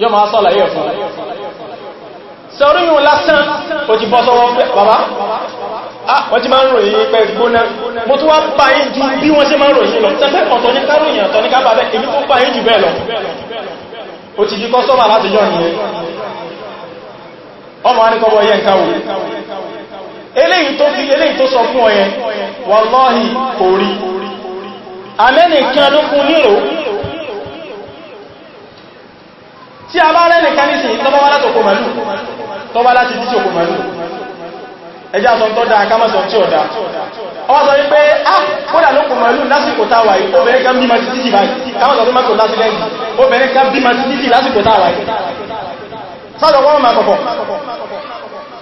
A: yóò máa sọ́lá yóò fún sọ́rí yóò lásán ó ti bọ́ sọ́wọ́ pẹ́ bàbá wọ́n ti máa ń ròyìn pẹ́ gbóná mo tún wá pa yín ju bí wọ́n ṣe máa ròyìn lọ tẹ́fẹ́ ọ̀tọ̀ ní káròyìn ọ̀tọ̀ ní kábàbẹ́ èmi tó pa yín jù bẹ́ẹ̀ lọ ó ti di eléyìí tó fi eléyìí tó sọ fún ọyẹ wàláhì kò rí amẹ́nìkan ló fún nílò tí a bá rẹ́nìkan nísìn tọ́bá wá látòkò màlú tọ́bá láti títí òkò màlú ẹjá sọ tọ́ dáa kámọ́sọ tí ọ̀dá ọwá sọ wípé á ah, kódà lókò màlú lásìkò táwà yìí obìnrin kan bí ma ti títì báyìí kámọ́sọ tó mẹ́kò láti lẹ́yìn obìnrin kan bí ma ti títì lásìkò táwà yìí sọ́dọ̀ wọ́n mọ̀ kọ̀kọ̀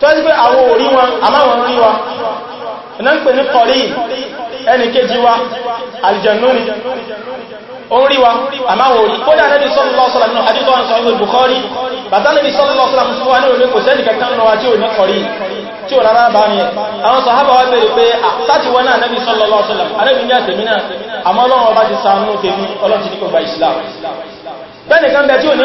A: tó ẹ́sí pé àwọn orí wọn àmáwọn orí wa iná ń pè ní kọ̀rí ẹni kéjì wa aljannu ni
B: orí wa àmáwọn orí kó dáa nẹ́bí sallallahu alaihi wasallam àdíkọ́ àwọn sọ́lọ́lọ́ Bukhari
A: bàtà nẹ́bí sallallahu alaihi wasallam fún wa ní orí kò sẹ́ni kankan lọ wa tí ò ní kọ̀rí tí ò rárá bá ní ẹ̀ àwọn sàhábà wá bèèrè pé láti wọ́n náà nẹ́bí sallallahu alaihi wasallam anẹ́bí ní àtẹ̀mí náà àmọ́ ọlọ́run ọba ti ṣàánú tèmi ọlọ́run ti ní kò gba ìsìlámù bẹ́ẹ̀ nìkan bẹ tí ò ní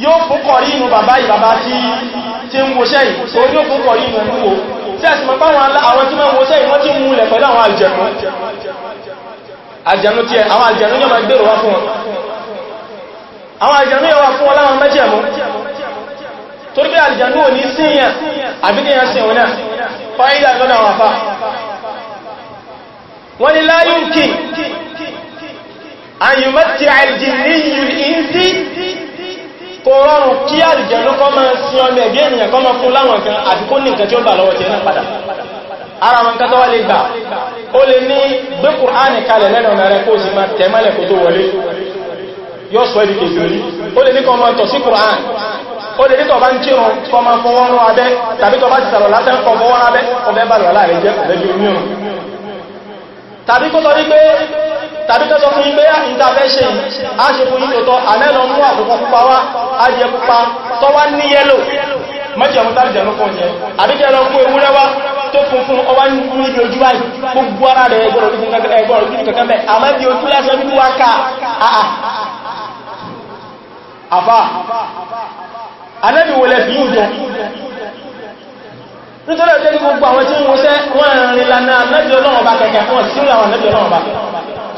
A: yóò fúnkọ̀ rí inú bàbá ìbàbá tí ń woṣẹ́ yìí o yóò fúnkọ̀ rí inú ẹ̀mú wo tí a sì mọ̀ páwọn àwọn tí wọ́n woṣẹ́ yìí wọ́n ti mú lẹ̀ pẹ̀lú àwọn àlùjànnú àlùjànnú tí àwọn àlùjànnú yóò máa gbèrò wá fún wọn àwọn àlùjànnú yóò wá fún wọn láwọn mẹ́jẹ̀mú
B: torí pé àlùjànnú ò ní síyàn àbíkẹ́yàn sí òun náà fáyílà lọ́nà àwọn afá
A: wọ́n ni láyún kò rọrùn kí àlìjẹ̀nú kọ́ máa sin ọmọ ẹ̀gbẹ́ ènìyàn kọ́ máa fún láwọn kan àti kó ní nǹkan tí ó bà lọ́wọ́ tẹ̀ náà padà ara wọn kan tó wá lè gbà ó lè ní gbé Kùránì kalẹ̀ lẹ́nu ọ̀nà rẹ kó sì máa tẹ̀ mọ́lẹ̀ kó tó wọlé yóò sọ èdè kèfì orí ó lè ní kọ́ máa tọ̀ sí Kùránì ó lè ní tàbí kẹ́ sọ fún yín pé ah, ìntàfẹ́ṣẹ́ a ṣe fún yín tòótọ́ àmẹ́lọ mú àkùkọ pupa wá ajẹ pupa tó wá ní yẹ́lò mọ́jẹ̀mútàrí jẹ̀mú fún yẹn àbíkẹ́ lọ mú ewúrẹ́ wá tó funfun ọwá ní ibi ojú báyìí gbogbo ara rẹ̀ ẹgbọ́rọ̀ ojú kankan bẹ̀ àmọ́ ibi ojú lásán bí wá ká àfá
B: anẹ́bìwọlẹ̀ fi yóò jọ
A: nítorí ọjọ́ gbogbo àwọn tí wọ́n rìn lànà mẹ́jọ náà bá kẹ̀kẹ́ fún ọ̀sí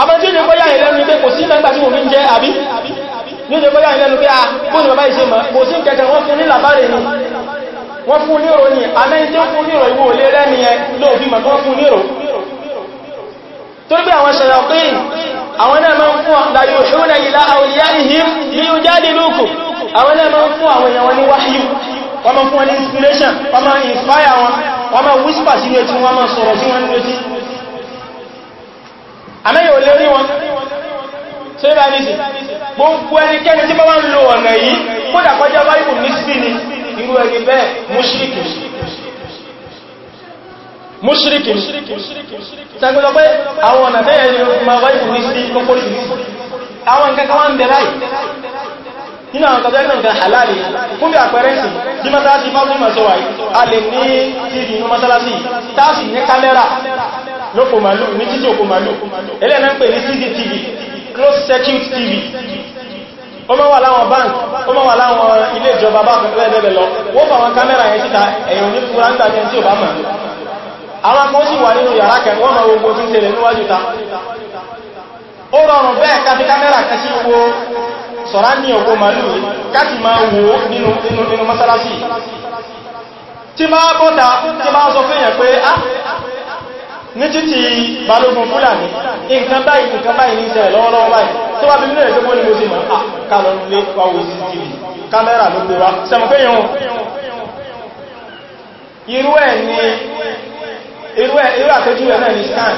A: àmọ́ tí ó jẹ́ bọ́yá ìlẹ́nu pé kò sí mẹ́gbà tí mo fi ń jẹ́ àbí ní ó jẹ́ bọ́yá ìlẹ́nu pé a ah, bó ní bàbá ìṣe mọ̀ kò sí kẹta wọ́n fún ní làbárè ni wọ́n fún ní ìròyìn amẹ́yìn tí ó fún ní ìrò ìwò olè rẹ́ni ẹ ló fi mọ̀ tó fún ní ìrò torí pé àwọn ṣẹlẹ̀ pé àwọn náà máa ń fún àdáyò wọ́n máa fún inspiration wọ́n inspire wọn wọ́n whisper sí ní etí wọ́n máa sọ̀rọ̀ àmẹ́yìn ò lè rí wọn ṣe bá ní sí gbogbo ẹnikẹ́ni tí bá wá ń lo ọ̀nà yìí kódà kọjá báyìí ní sí ni irú ẹni bẹ́ẹ̀ múṣíríkì
B: múṣíríkì tẹ́gbẹ́lọ
A: pé àwọn ọ̀nà bẹ́ẹ̀ ni ma báyìí ní sí kókó sí àwọn nǹkan kan halali fún bí àpẹẹrẹ sí bí mọ́sálásí fáwọn ìmọ̀ sọ wáyé a lè ní tv lóko màlú ní títí òkú màlú ẹlẹ́nà na pè ní CCTV circuit TV o ma wà bank ó máa wà ile ilé ìjọba bá fún ẹgbẹ̀rẹ̀ lọ wọ́n fà àwọn kámẹ́rà kan ta ó rọrùn bẹ́ẹ̀ káfí kámẹ́rà kẹ o owó sọ̀rá ní òkú màlú káti máa wò nínú nínú mọ́sálásí tí máa bọ́ta tí ní títí balógun fúlàní nǹkan báyìí nǹkan báyìí ní ìṣẹ̀lẹ̀ lọ́wọ́lọ́wọ́ báyìí tó wá bí mílẹ̀ ìjọmọ́ ní mo sí mọ̀ ah, kálọ̀ lé pàwọ̀ cctv kámẹ́rà ló gbé wá sẹmọ̀fẹ́yàn irú ẹ̀ ni irú àtọ́jú ẹ̀ náà ni scan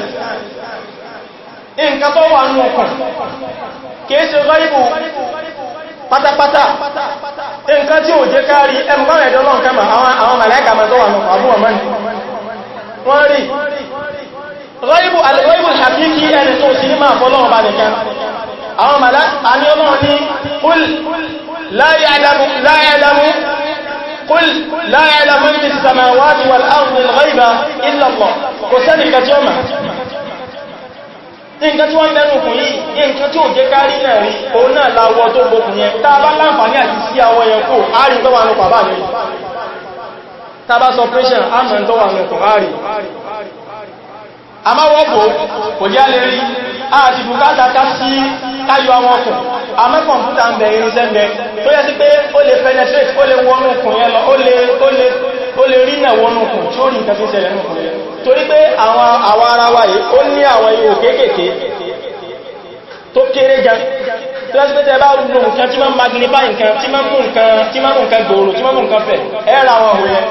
A: nǹkan tó wà nù ọkàn kìí ṣe gọ́ìbù pátápátá nǹkan tí ò jẹ́ kárí ẹmùgbọ́n ẹ̀dọ́lọ́nkẹ́mà àwọn mẹ̀lẹ́kà mẹ́ tó wà nù àbúwọ̀ mẹ́rin wọ́n rí rọ́ìbù alhàkíkí ẹni tó sí máa fọ́lọ́wọ́ bá nìkan àwọn màlá àní ọlọ́run ní kúl láyàdàmú قل لا يعلم من في السماوات والأرض الغيب إلا الله وسنك جمع nǹkan tí wọ́n bẹ̀rù kùn yìí nǹkan tí ó jẹ́ kárí náà rí òun náà láwọ́ tó gbogbo yẹn tá bá kò áàrí tó wà a máa wọ́pọ̀ kò jẹ́ lè rí àti bukata ká sí káyọ àwọn ọkùn a mẹ́ kọ̀mpútà ń bẹ irinṣẹ́ mẹ́ tó yẹ sí pé ó lè penetrate ó lè wọnú ọkùn yẹn lọ ó lè rí náà wọnú ọkùn tí ó rí nǹkan tó ṣẹlẹ̀ nù ọkùn yẹn torí pé àwọn àwọn ara wa yìí ó ní àwọn ihò kéékèèké tó kéré gan tó yẹ sí pé tẹ́bá rú nǹkan tí máa ń magnify nǹkan tí máa ń mú nǹkan gbòòrò tí máa ń mú nǹkan fẹ̀ ẹ́ ra àwọn òun yẹn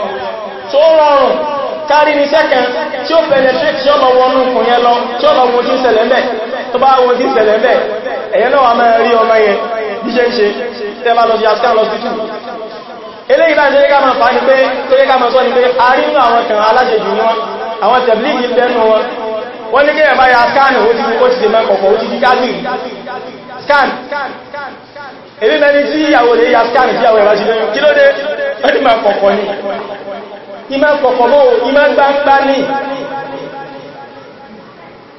A: tó rọrùn kárí ní sẹ́kẹ̀ẹ́ tí ó penetrate tí ó lọ wọnú kùn yẹn lọ tí ó lọ wo tí ń ṣẹlẹ̀ mẹ́ tó bá wo tí ń ṣẹlẹ̀ mẹ́ ẹ̀yẹn náà wà mẹ́rin rí ọmọ yẹn bí ṣe ń ṣe tẹ́lá lọ sí askan lọ sí tù eléyìí náà ṣe ká máa fà ní pé tó yẹ ká máa sọ ní pé a rí nínú àwọn kan aláṣejù ní wọn àwọn tẹ̀blíìgì ń bẹ́nu wọn wọ́n ní kéèyàn bá ya scan ó ti ó ti ṣe mẹ́kọ̀ọ̀kọ̀ ó ti scan
B: èmi mẹ́ni tí ìyàwó lè ya scan tí ìyàwó ẹ̀bá ti lóyún
A: ìmá kọ̀kọ̀mọ́ ìmá gbangba ní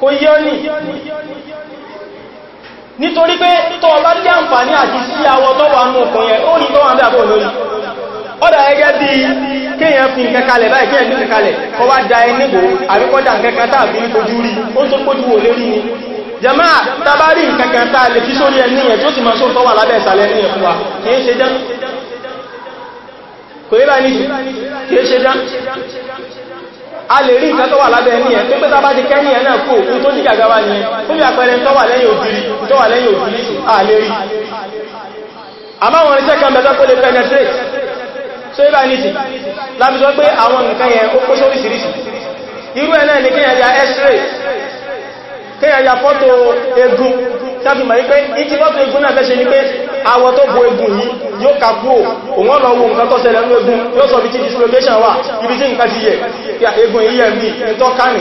A: kò yíó ní nítorí pé tọ́ bá jẹ́ àǹfàní àti sí àwọ tó wà mú ọkùn yẹn ó ní tó wà ń dàbò lórí ọ́dà ẹgẹ́ bí kéèyàn fi kẹkalẹ̀ báyìí kéèyàn ní kẹkalẹ̀ kọ wá da ẹnigbò ni jẹmá tàbárí kẹkẹta lè fi sórí ẹni yẹn tí ó kò yíba ní kìí ṣe dá
B: a lè rí nǹkan tó wà lábẹ́ ẹni ẹ̀ tó pẹ́ta bá ti kẹ́ni ẹ̀ náà kó òkú
A: tó ní gàgá wá ní ẹ fún bí àpẹẹrẹ tó wà lẹ́yìn òbírí tó wà lẹ́yìn òbírí a lè rí àmọ́ àwọn irinṣẹ́ kan bẹ̀tọ́ kó lè penetrate ya x-ray kéèyàn ya fọ́tò egun tàbí ma wípé ìtí fọ́tò egun náà fẹ́ṣe ní pé àwọ̀ tó bo egun yìí yóò kàkúò òun lọ wo nǹkan tó ṣẹlẹ̀ ní egun yóò sọ bí tí dislocation wà ibi tí nǹkan ti yẹ egun yìí ẹ̀mí ìtọ́ kánì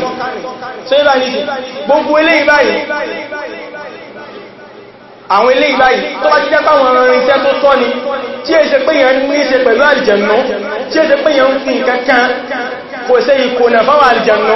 A: so yíba ní ti gbogbo eléyìí báyìí àwọn eléyìí báyìí tó bá ti jẹ́ báwọn irinṣẹ́ tó tọ́ ni tí è ṣe pé yẹn ní ṣe pẹ̀lú àlìjẹ̀nà tí è ṣe pé yẹn ń fi nǹkan kan kò ṣe ìkònà fáwọn àlìjẹ̀nà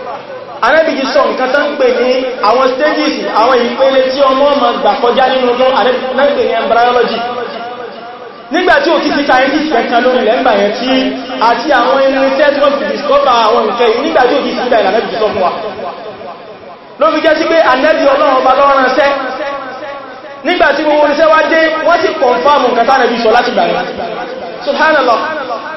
A: anẹ́bìjì sọ nǹkan tán pè ní àwọn stages àwọn ìpele tí ọmọ ọmọ gbà kọjá nínú ọdún anẹ́bìjì ní embryology nígbàtí ò títí scientist kẹta lórí lẹ́mbà yẹn tí àti àwọn irinṣẹ́ tí wọ́n fi discover àwọn nǹkan yìí nígbàtí ò títí ìgbà anẹ́bìjì sọ fún wa ló fi jẹ́ sí pé anẹ́bì ọlọ́run ọba lọ́ránṣẹ́ nígbàtí gbogbo irinṣẹ́ wá dé wọ́n sì confirm nǹkan tánẹ́bì sọ láti gbà yẹn subhanallah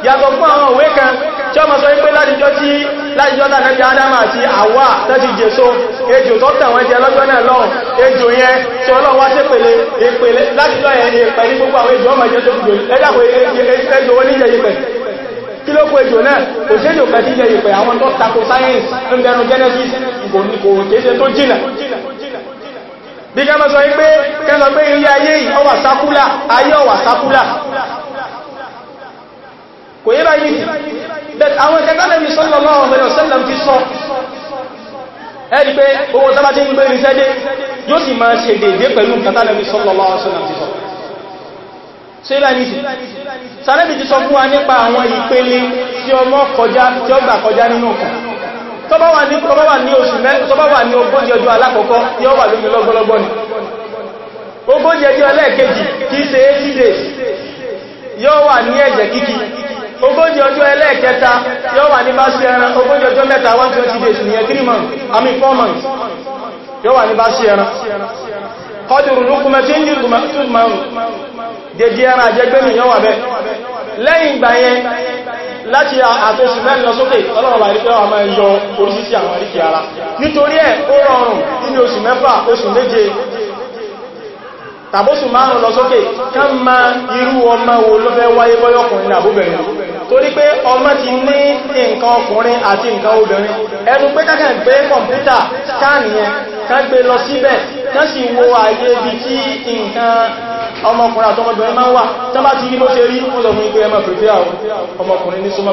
A: yàtọ̀ fún àwọn òwe kan tí ọmọ sọ wípé ládìjọ́ tí ládìjọ́ tàbí ẹjọ́ adama àti àwà tẹ́jì jésó ejò tó tàwọn ẹjẹ lọ́gbẹ́ náà lọ́n ejò yẹn tí ọlọ́run wá sí pèlè ìpèlè ládìjọ́ yẹn ìpẹ̀ ní gbogbo àwọn ejò ọmọ ẹjọ́ tó gbogbo ẹjàpọ̀ ejò oníjẹ ìpẹ̀ kí ló kó ejò náà genesis kò kéṣe tó jìnà
C: bí kẹ́ mọ́ sọ wípé kẹ́ sọ pé ilé
A: ayé yìí kò yí báyìí but àwọn ìkẹtàlẹ́bí sallallahu alaihi wasallam ti sọ ẹ́rì pé owó tọ́bá tí ń gbé rí sẹ́dé yóò sì máa ṣe dédé pẹ̀lú ìkẹtàlẹ́bí sallallahu alaihi wasallam ti sọ ṣe bá ní sí sàrẹ́bì ti sọ fún wa nípa àwọn ìpele tí ọmọ kọjá tí ó gbà kọjá nínú ọkọ̀ tọ́bá wà ní oṣù mẹ́rin tọ́bá wà ní ogójì ọjọ́ alákọ̀ọ́kọ́ tí ó wà lómi lọ́gbọ́lọ́gbọ́ ṣe 80 days yóò wà ní ẹ̀jẹ̀ kíkí ogójì ọjọ́ ẹlẹ́ẹ̀kẹta tí ó wà ní bá sí ẹran ogójì ọjọ́ mẹ́ta 120 days ní ẹ̀ 3 months àmì 4 months yóò wà ní bá sí ẹran kọdùrù lókùnmẹ́ tí ń jù márùn dédé ẹran àjẹgbẹ́mì yóò wà bẹ́
B: lẹ́yìn ìgbà yẹn
A: láti àtọ́sù mẹ́rin lọ sókè ọlọ́ọ̀bà ìrìkẹ́ wà máa ń yọ orísìí àwọn àríkẹ́ ara nítorí tàbóṣù márùn lọ sókè kán ma irú ọmọ wo ló fẹ́ wáyé bọ́yọ́kùnrin àbúbẹ̀rẹ̀ torí pé ọmọ ti ní nǹkan ọkùnrin àti nǹkan obìnrin ẹnu pé kákẹ́ gbé kọ̀mpútà skáàni yẹn ká gbé lọ síbẹ̀ kán sì wo ààyè ibi tí nǹkan ọmọkùnrin àti ọmọbìnrin máa ń wà tán bá ti rí bó ṣe rí ó lọ fún ipé ẹmọ pẹ̀lú ọmọkùnrin ní súnmọ́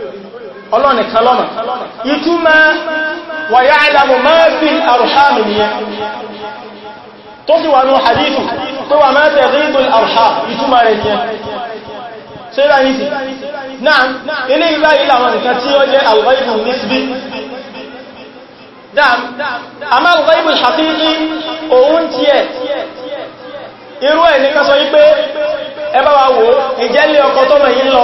A: ọlọ́ni kalọ́mà ìtumá wà yá ìlàmù máa fi àrùhámi ni tó fi wà ní hadithu pé wà máa tẹ̀ rígbùl àrùhá ìtumá rẹ̀ ni ṣe rà ní sí náà ilé ìlà ìlàmù nìkan tí ó jẹ́ alwaibun nisbi dáa àmá alwaibun haqiqi òun ti ẹ̀ irú ẹ̀ ní kásọ wípé ẹbá wa wò ìjẹ́lẹ̀ ọkọ̀ tọ́mọ̀ yìí lọ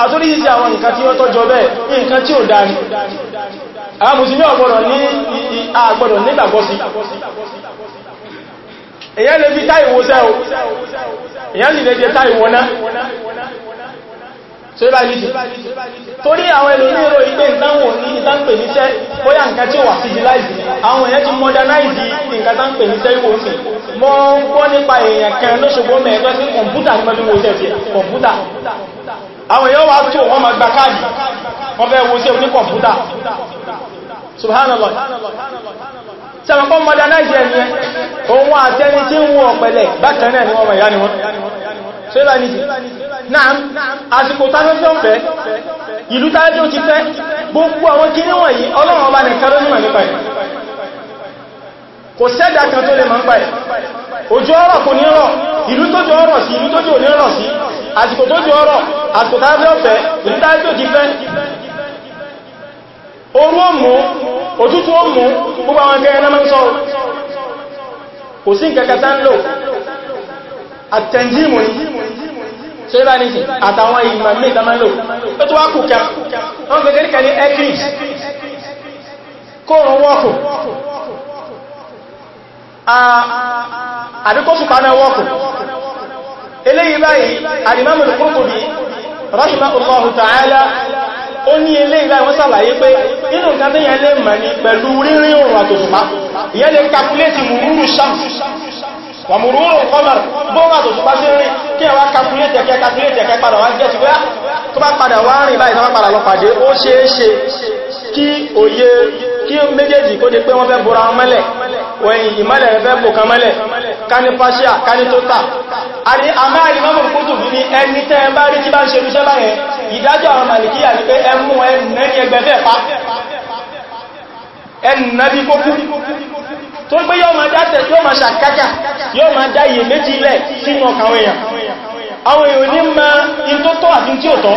A: àtúrísí àwọn nǹkan tí wọ́n tọ́jọ bẹ́ẹ̀ nǹkan tí ò dáni àwọn mùsùlùmí ọ̀gbọ̀nà ní àgbọ̀nà nígbàgbọ́sí èyàn lè fi táìwò sẹ́ o èyàn sì lè jẹ táìwò náà tó bá ní sí torí àwọn ẹlòmíró ilé ìtànwò ní ìtànpè níṣẹ́ bóyá nǹkan tí ó wà civilize àwọn èyàn ti modernize nǹkan tànpè níṣẹ́ ìwò sí mọ́ ń gbọ́ nípa èèyàn kan lóṣogbo mẹ́ẹ̀kọ́ sí kọ̀mpútà ní mọ́lúwò sẹ́fẹ́ kọ̀mpútà àwọn èèyàn wa tó wọ́n ma gba káàdì wọ́n fẹ́ wo sí oní kọ̀mpútà subhanallah sẹ́mọ̀pọ̀ modernize ẹni ẹ ohun àtẹni tí ń wọ́n pẹ̀lẹ̀ bákan náà ni ìyá ni wọ́n ṣẹ́lá ní náà àsìkò tánàfẹ́ ìlú tánàfẹ́ ti àsìkò tábí ọ̀fẹ́ ìtàbí ò ti fẹ́ orú òmù òtútù òmù gbogbo àwọn ẹgbẹ́ ẹ̀nà mẹ́sọ́ kò sí kẹkẹta ń lò àtẹ̀ndìmù ṣe bá ní àtàwọn ìmọ̀ mẹ́ta máa lò ó tó wá kù kẹ wọ́n gẹ́gẹ́ kẹ ní eclipse kóòrùn wọ́kù àdíkọ́sùpá náà wọ́kù eléyìí báyìí àdìmọ́mù rahimahullahu ta'ala ó ní ilé ìlà ìwọ́n sàlàyé pé inú nǹkan tí yẹn lè mọ̀ ní pẹ̀lú rírin òun àtòṣùpá ìyẹn lè kàkúlétì mùúrù shams wà mú rúrùn kọmọ̀ bọ́wà tó ṣùgbá sí rí kí ẹwà kàkúlétì ẹ̀kẹ́ kàkúlétì ẹ̀kẹ́ padà wá jẹ́ ti pé tó bá padà wá rìn láì sábà padà lọ pàdé ó ṣeéṣe kí òye kí méjèèjì kó di pé wọ́n fẹ́ bora wọn mẹ́lẹ̀ wẹ̀yìn ìmọ́lẹ̀ rẹ̀ fẹ́ bò kan mẹ́lẹ̀ káni fásíà káni tó tà àti àmáàrí mọ́mù kútù bí ní ẹni tẹ́ ẹ bá rí tí bá ń ṣe irúṣẹ́ báyẹn ìdájọ́ àwọn pa ẹnàbí kókú tó gbé yóò máa dá ṣàkákà yóò máa dá iyèméjì ilẹ̀ sínú ọkàn àwọn èèyàn ní ma in tó tọ́ àti tí ó tọ́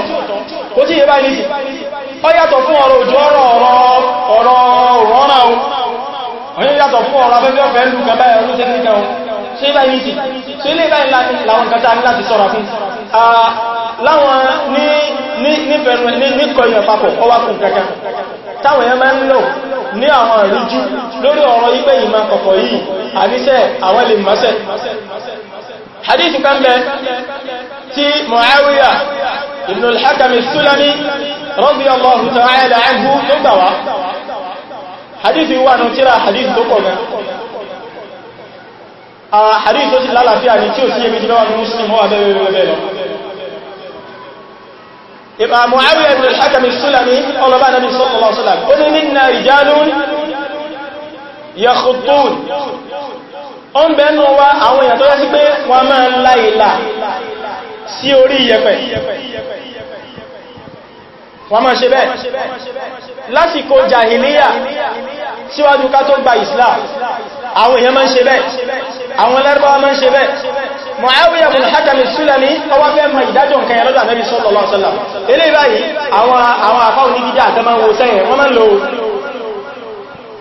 A: ó tí yẹ báyìí ó yàtọ̀ fún ọ̀rọ̀ òjò ọ̀rọ̀ ọ̀rọ̀ ọ̀rọ̀
B: ọ̀yẹ́ yàtọ̀ fún ọ̀rọ̀ afẹ́fẹ́ ọ̀fẹ́ lù kẹbẹ́
A: ẹ̀rù tẹ́kníkà ohun ṣe báyìí nìtì ṣe ilé báyìí láwọn kàtà ní láti sọ́ra fún láwọn ní kọyìn papọ̀ ọwá fún kankan táwọn èèyàn máa ń lò ní àwọn ìrújú lórí ọ̀rọ̀ ipẹ́ ìmọ̀ kọ̀kọ̀ yìí àdíṣẹ́ àwọn lè mọ́sẹ̀ hadith kan bẹ
B: tí Muawiya
A: ibn al-Hakam as-Sulami radiyallahu ta'ala anhu tó gbà wá hadith wà nù tíra hadith tó kọ̀ gan a hadith tó ti lálàáfíà ni tí ó sí ebi jìnà wà ní muslim wà bẹ́ẹ̀ lọ ìbà Muawiya ibn al-Hakam as-Sulami ọlọ́bá nabi sallallahu alaihi wasallam ó ní minna rijalun yakhuddun ó ń bẹ̀ẹ́nu wa àwọn èèyàn tó yẹ sí pé wọ́n máa ń lá ìlà sí orí iyẹ̀pẹ̀ wọ́n máa ṣe bẹ́ẹ̀ lásìkò jahiliya síwájú ká tó gba islam àwọn èèyàn máa ń ṣe bẹ́ẹ̀ àwọn lẹ́rọ̀bá máa ń ṣe bẹ́ẹ̀ Mu'awiya bin Hakam as-Sulami ọwọ́ fẹ́ mọ ìdájọ́ nǹkan yẹn lọ́dọ̀ Ànábì sallallahu alaihi wasallam báyìí àwọn àwọn àfáwọn onígídá àtẹ́máwò sẹ́yìn wọ́n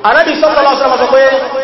A: máa ń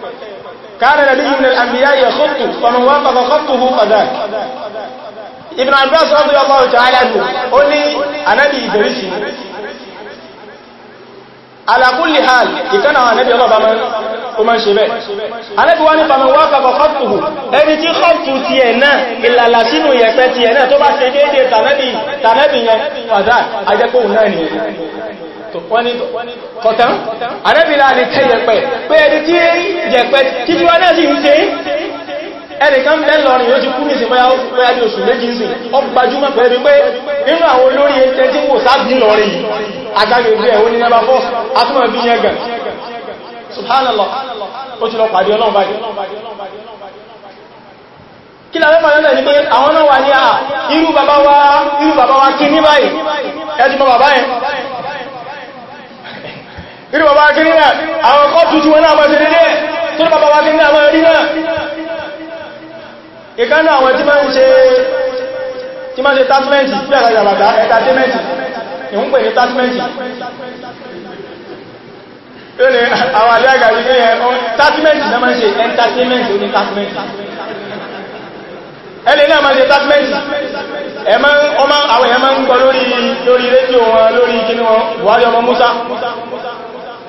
A: كان نبي من الأنبياء يخط فمن وافق خطه فذاك Ibn Abbas radiyallahu ta'ala anhu ó ní Ànábì Idris ala kulli hal ìkan àwọn Ànábì Ọlọ́run bá man ó man ṣe bẹ́ẹ̀ Ànábì wá ní faman wafaqa khattuhu ẹni tí khattu ti ẹ̀ náà ìlàlà sínú yẹ̀pẹ̀ ti ẹ̀ náà tó bá ṣe déédéé tànábì tànábì yẹn fàdá ajẹ́kóhùn náà nìyẹn kọ̀tán àrẹ́bìnrin àlè tẹ́ yẹ̀pẹ̀ pé ẹni tí yẹ̀pẹ̀ títí wá náà sì ń ṣe ẹnìkan lẹ́lọrin yóò ti kú ní ìsinmi ayájú oṣù méjì ń sìn ọ gbajúmọ̀ pẹ̀lú pé nínú àwọn olórin ẹ̀tẹ́ tí wò sábí lọrin agbáyẹ̀gbé ẹ̀ ó ní nẹ́bà fọ́ atúmọ̀ bí yẹn gàn subhanallah ó ti lọ pàdé ọlọ́run báyìí kí la mẹ́fà lọ́lẹ̀ ní pé àwọn náà wà ní à irú bàbá wa irú bàbá wa kí ní báyìí ẹjú mọ́ bàbá yẹn irú bàbá akíní náà àwọn kọ́pù tí wọ́n náà máa ṣe dédé tó bàbá akíní náà máa rí náà ìkánà àwọn tí máa ń ṣe tí máa ń ṣe tásmẹ́ntì tí àrà ìyàbàtà ẹ̀tàtẹ́mẹ́ntì ìhún pè ní tásmẹ́ntì lónìí àwọn àdé náà máa ṣe tásmẹ́ntì ẹni àwọn èèyàn ń gbọ́ lórí rédíò wọn lórí kíní wọn buhari ọmọ musa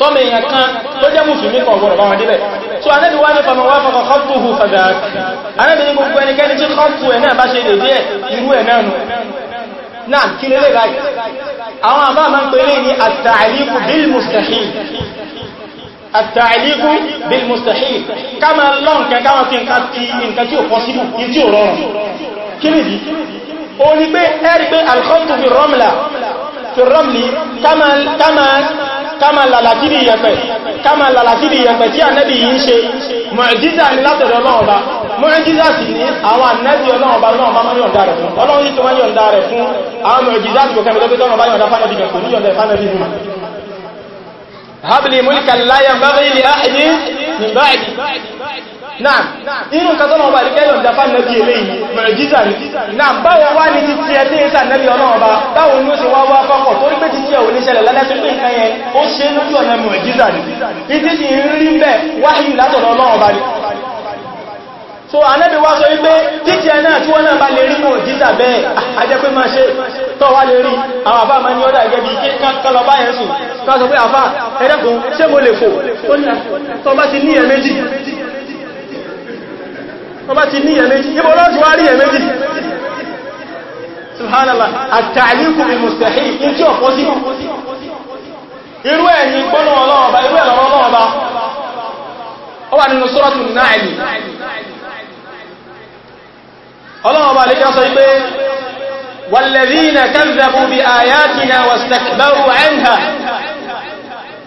A: tọ́mọ èèyàn kan tó jẹ́ mùsùlùmí kan gbọ́rọ̀ bá wọn débẹ̀ so anẹ́bí wá ní fọmọ wá fọkọ̀ kọ́pù hù fàdà anẹ́bí ní gbogbo ẹnikẹ́ni tí kọ́pù ẹ̀ náà bá ṣe lè díẹ̀ irú ẹ̀ náà nù náà kí lélé báyìí àwọn àbá máa ń pè lé ní at-ta'liqu bil mustahil at-ta'liqu bil mustahil ká máa lọ nǹkan káwọn o ní pé ẹ́rí pé al fi ramla kama kama lalatiri yẹ̀pẹ̀ kama lalatiri yẹ̀pẹ̀ tí ànábì yìí ń ṣe mọ̀jíza ni látọ̀dọ̀ ọlọ́ọ̀ba mọ̀jíza sì ní àwọn ànábì ọlọ́ọ̀ba ọlọ́ọ̀ba mọ́ yọ̀ǹda rẹ̀ fún ọlọ́run yìí tó wọ́n yọ̀ǹda habli mulkan la yanbaghi li ahadin ba'di náà inú kàtọ́nà ọba ìdíkẹ́ yọ̀ jafá nẹ́bí eléyìí mẹ̀rẹ̀ jíza ní náà báwo wá ní ti ti ẹtí ìsà nẹ́bí ọ̀nà ọba báwo ní ó ṣe wá wá fọ́kọ̀ torí pé ti tí ẹ̀ oníṣẹ́lẹ̀ lálẹ́sí pé nǹkan yẹn ó ṣe lójú ọ̀nà mẹ̀rẹ̀ jíza ní ìdí sì ń rí bẹ́ẹ̀ wáyìí látọ̀dọ̀ ọlọ́run so anẹ́bí wá sọ wípé títí ẹ náà tí wọ́n náà bá lè rí mọ̀ jíta bẹ́ẹ̀ ajẹ́ pé máa ṣe tọ́ wá lè rí àwọn àbá ma ní ọ́dá ìjẹ́ bí kọ́lọ bá yẹn sùn ká sọ pé àfá ẹ̀dẹ́kùn ṣé mo lè fò tọ́ bá ti ní ẹ̀ méjì يبقى الله جواري يا مجي
B: سبحان الله التعليق بالمستحيل انت وقوزي
A: يروي يقولوا الله با يروي الله با هو عن النصرة النعلي الله با لك صيبه والذين كذبوا بآياتنا واستكبروا عنها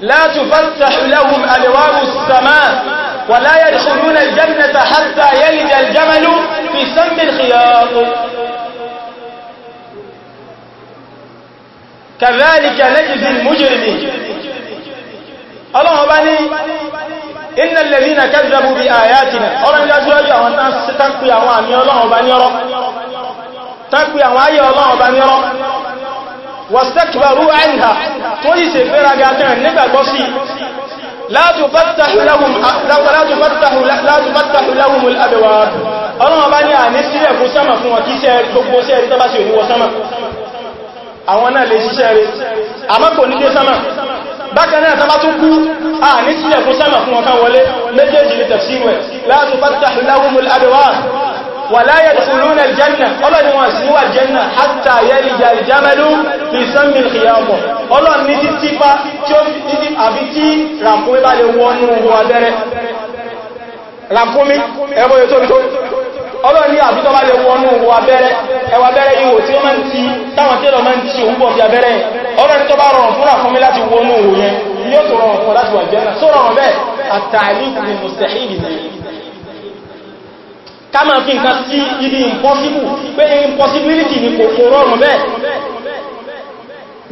A: لا تفتح لهم ألواب السماء ولا يدخلون الجنة حتى يلد الجمل في سم الخياط كذلك نجزي المجرمين الله بني إن الذين كذبوا بآياتنا أولاً لأجواج أولاً تنقي أوامي الله بني رب تنقي أوامي الله بني رب واستكبروا عنها تويس فرقاتنا نبقى قصي لا تفتح لهم لا لا تفتح لهم الابواب ọlọ́wọ́ bá ní àní sílẹ̀ fún sánmà fún wọn kí iṣẹ́ gbogbo iṣẹ́ rí tọ́bá sí òwúwọ sánmà àwọn náà lè ṣiṣẹ́ rí àmọ́kò ní dé sánmà bákan náà tọ́bá tún kú ولا يدخلون الجنة ọlọ́ni wọn sí wà jẹ́nà hatta yalija al-jamalu fi sammi al-khiyata ọlọ́ni ní títí pa tí ó fi títí àbí tí ràkúnmí bá lè wọnú ohun abẹ́rẹ́ ràkúnmí ẹgbọ́ yóò tóbi tó ọlọ́ni àbí tó bá lè wọnú ohun abẹ́rẹ́ ẹwà abẹ́rẹ́ ihò tí ó máa ń ti táwọn tí ó rọrùn fún láti wà jẹ́nà só rọrùn bẹ́ẹ̀ àtàlí ìmùsẹ̀hìn ìdìyàn ká máa fi nǹkan sí ibi impossible pé impossibility ni kò kò rọrùn bẹ́ẹ̀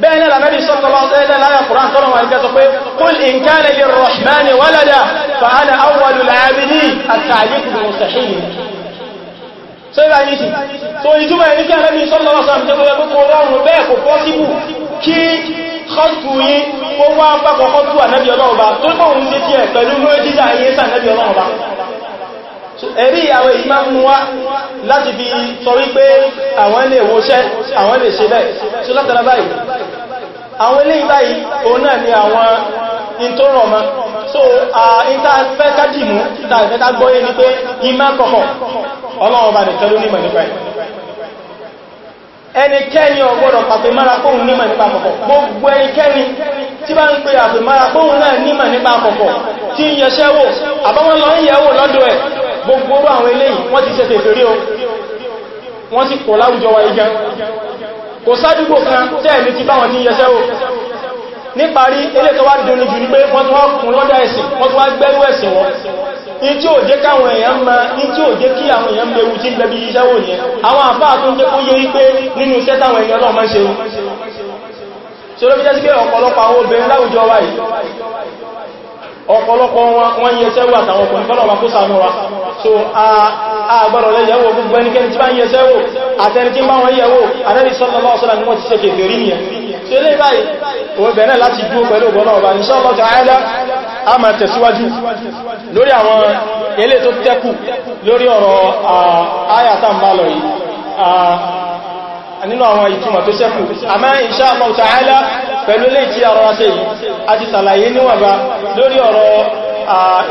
A: bẹ́ẹ̀ nílà mẹ́bí sọ́tọ̀lọ́ sọ́yọ́ àìníṣì so ìtumọ̀ ẹni tí àrẹ́bí sọ́lọ́wọ́sọ́ àti tẹ́gbẹ́ pé kò rọrùn bẹ́ẹ̀ kò pọ́síbù kí kọ́tù yí ó wá ń bá kọ́kọ́ ànẹ́bí ọlọ́ọ̀bá tó pọ̀ ń sí tí ẹ̀ pẹ̀lú mọ́ ẹ̀rí àwọn èyí máa ń mú wá láti fi sọ wípé àwọn lè wóṣẹ́ àwọn lè ṣe tí látara báyìí àwọn ilé ìbáyìí òun náà ni àwọn ìntòrọ̀ ọmọ so ìtàfẹ́ kájìmú ìtàfẹ́ ká gbọ́yé ní pé ìmá kọ̀kọ̀ ọlọ́run bá nìkan ló ní mọ̀nípa ẹnikẹ́ni ọgbọ́dọ̀ pàtẹmára kóhun nímọ̀ nípa kọ̀kọ̀ gbogbo ẹnikẹ́ni tí bá ń pè àpẹmára kóhun náà nímọ̀ nípa kọ̀kọ̀ tí ń yẹṣẹ́wò gbogbo àwọn eléyìí wọ́n ti ṣẹ̀ṣẹ̀ fèrè o wọ́n ti pọ̀ láwùjọ wa igẹ́ kò sádúgbò kan tẹ́ẹ̀mí ti bá wọn ti yẹsẹ́ o níparí ilé tó wá dúnni jù ní pé wọ́n tó wá kún lọ́dá ẹ̀sìn wọ́n tó wá gbẹ́rú ẹ̀sìn wọn in tí ó jẹ́ káwọn èèyàn ma in tí ó jẹ́ kí àwọn èèyàn mewu tí ń bẹ̀bí iṣẹ́ wò yẹn àwọn àfáà tó ń jẹ́ kó yé wípé nínú iṣẹ́ táwọn èèyàn náà máa ń ṣe
B: ṣe ló fi jẹ́ sí pé ọ̀pọ̀lọpọ̀
A: ọ̀pọ̀lọpọ̀ wọn yẹsẹ́ wà àtàwọn ọkùnrin fọ́lọ̀wà kó sàánú so a gbọ́rọ̀ lẹ́yẹ̀wò gbogbo ẹnikẹ́ni tí bá ń yẹsẹ́ wò àtẹni tí bá wọn yẹ̀wò àtẹni sọ́lọ́lọ́sọ́lá ni wọ́n ti sẹ́kẹ̀ fèrí nìyẹn so ilé báyìí òun bẹ̀rẹ̀ láti dúó pẹ̀lú ọgbọ̀nà ọba insha a máa tẹ̀síwájú lórí nínú àwọn ìtumọ̀ tó sẹ́kù àmá insha Allah ta'ala pẹ̀lú lè tí ọ̀rọ̀ ṣe yìí a ti sàlàyé níwọ̀nba lórí ọ̀rọ̀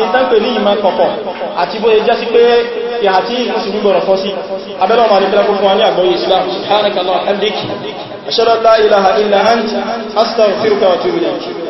A: ìtànpè ní ìmọ̀ kọ̀kọ̀ àti bó ẹjẹ́ sí pé ìhà tí mùsùlùmí gbọ̀rọ̀ fọ́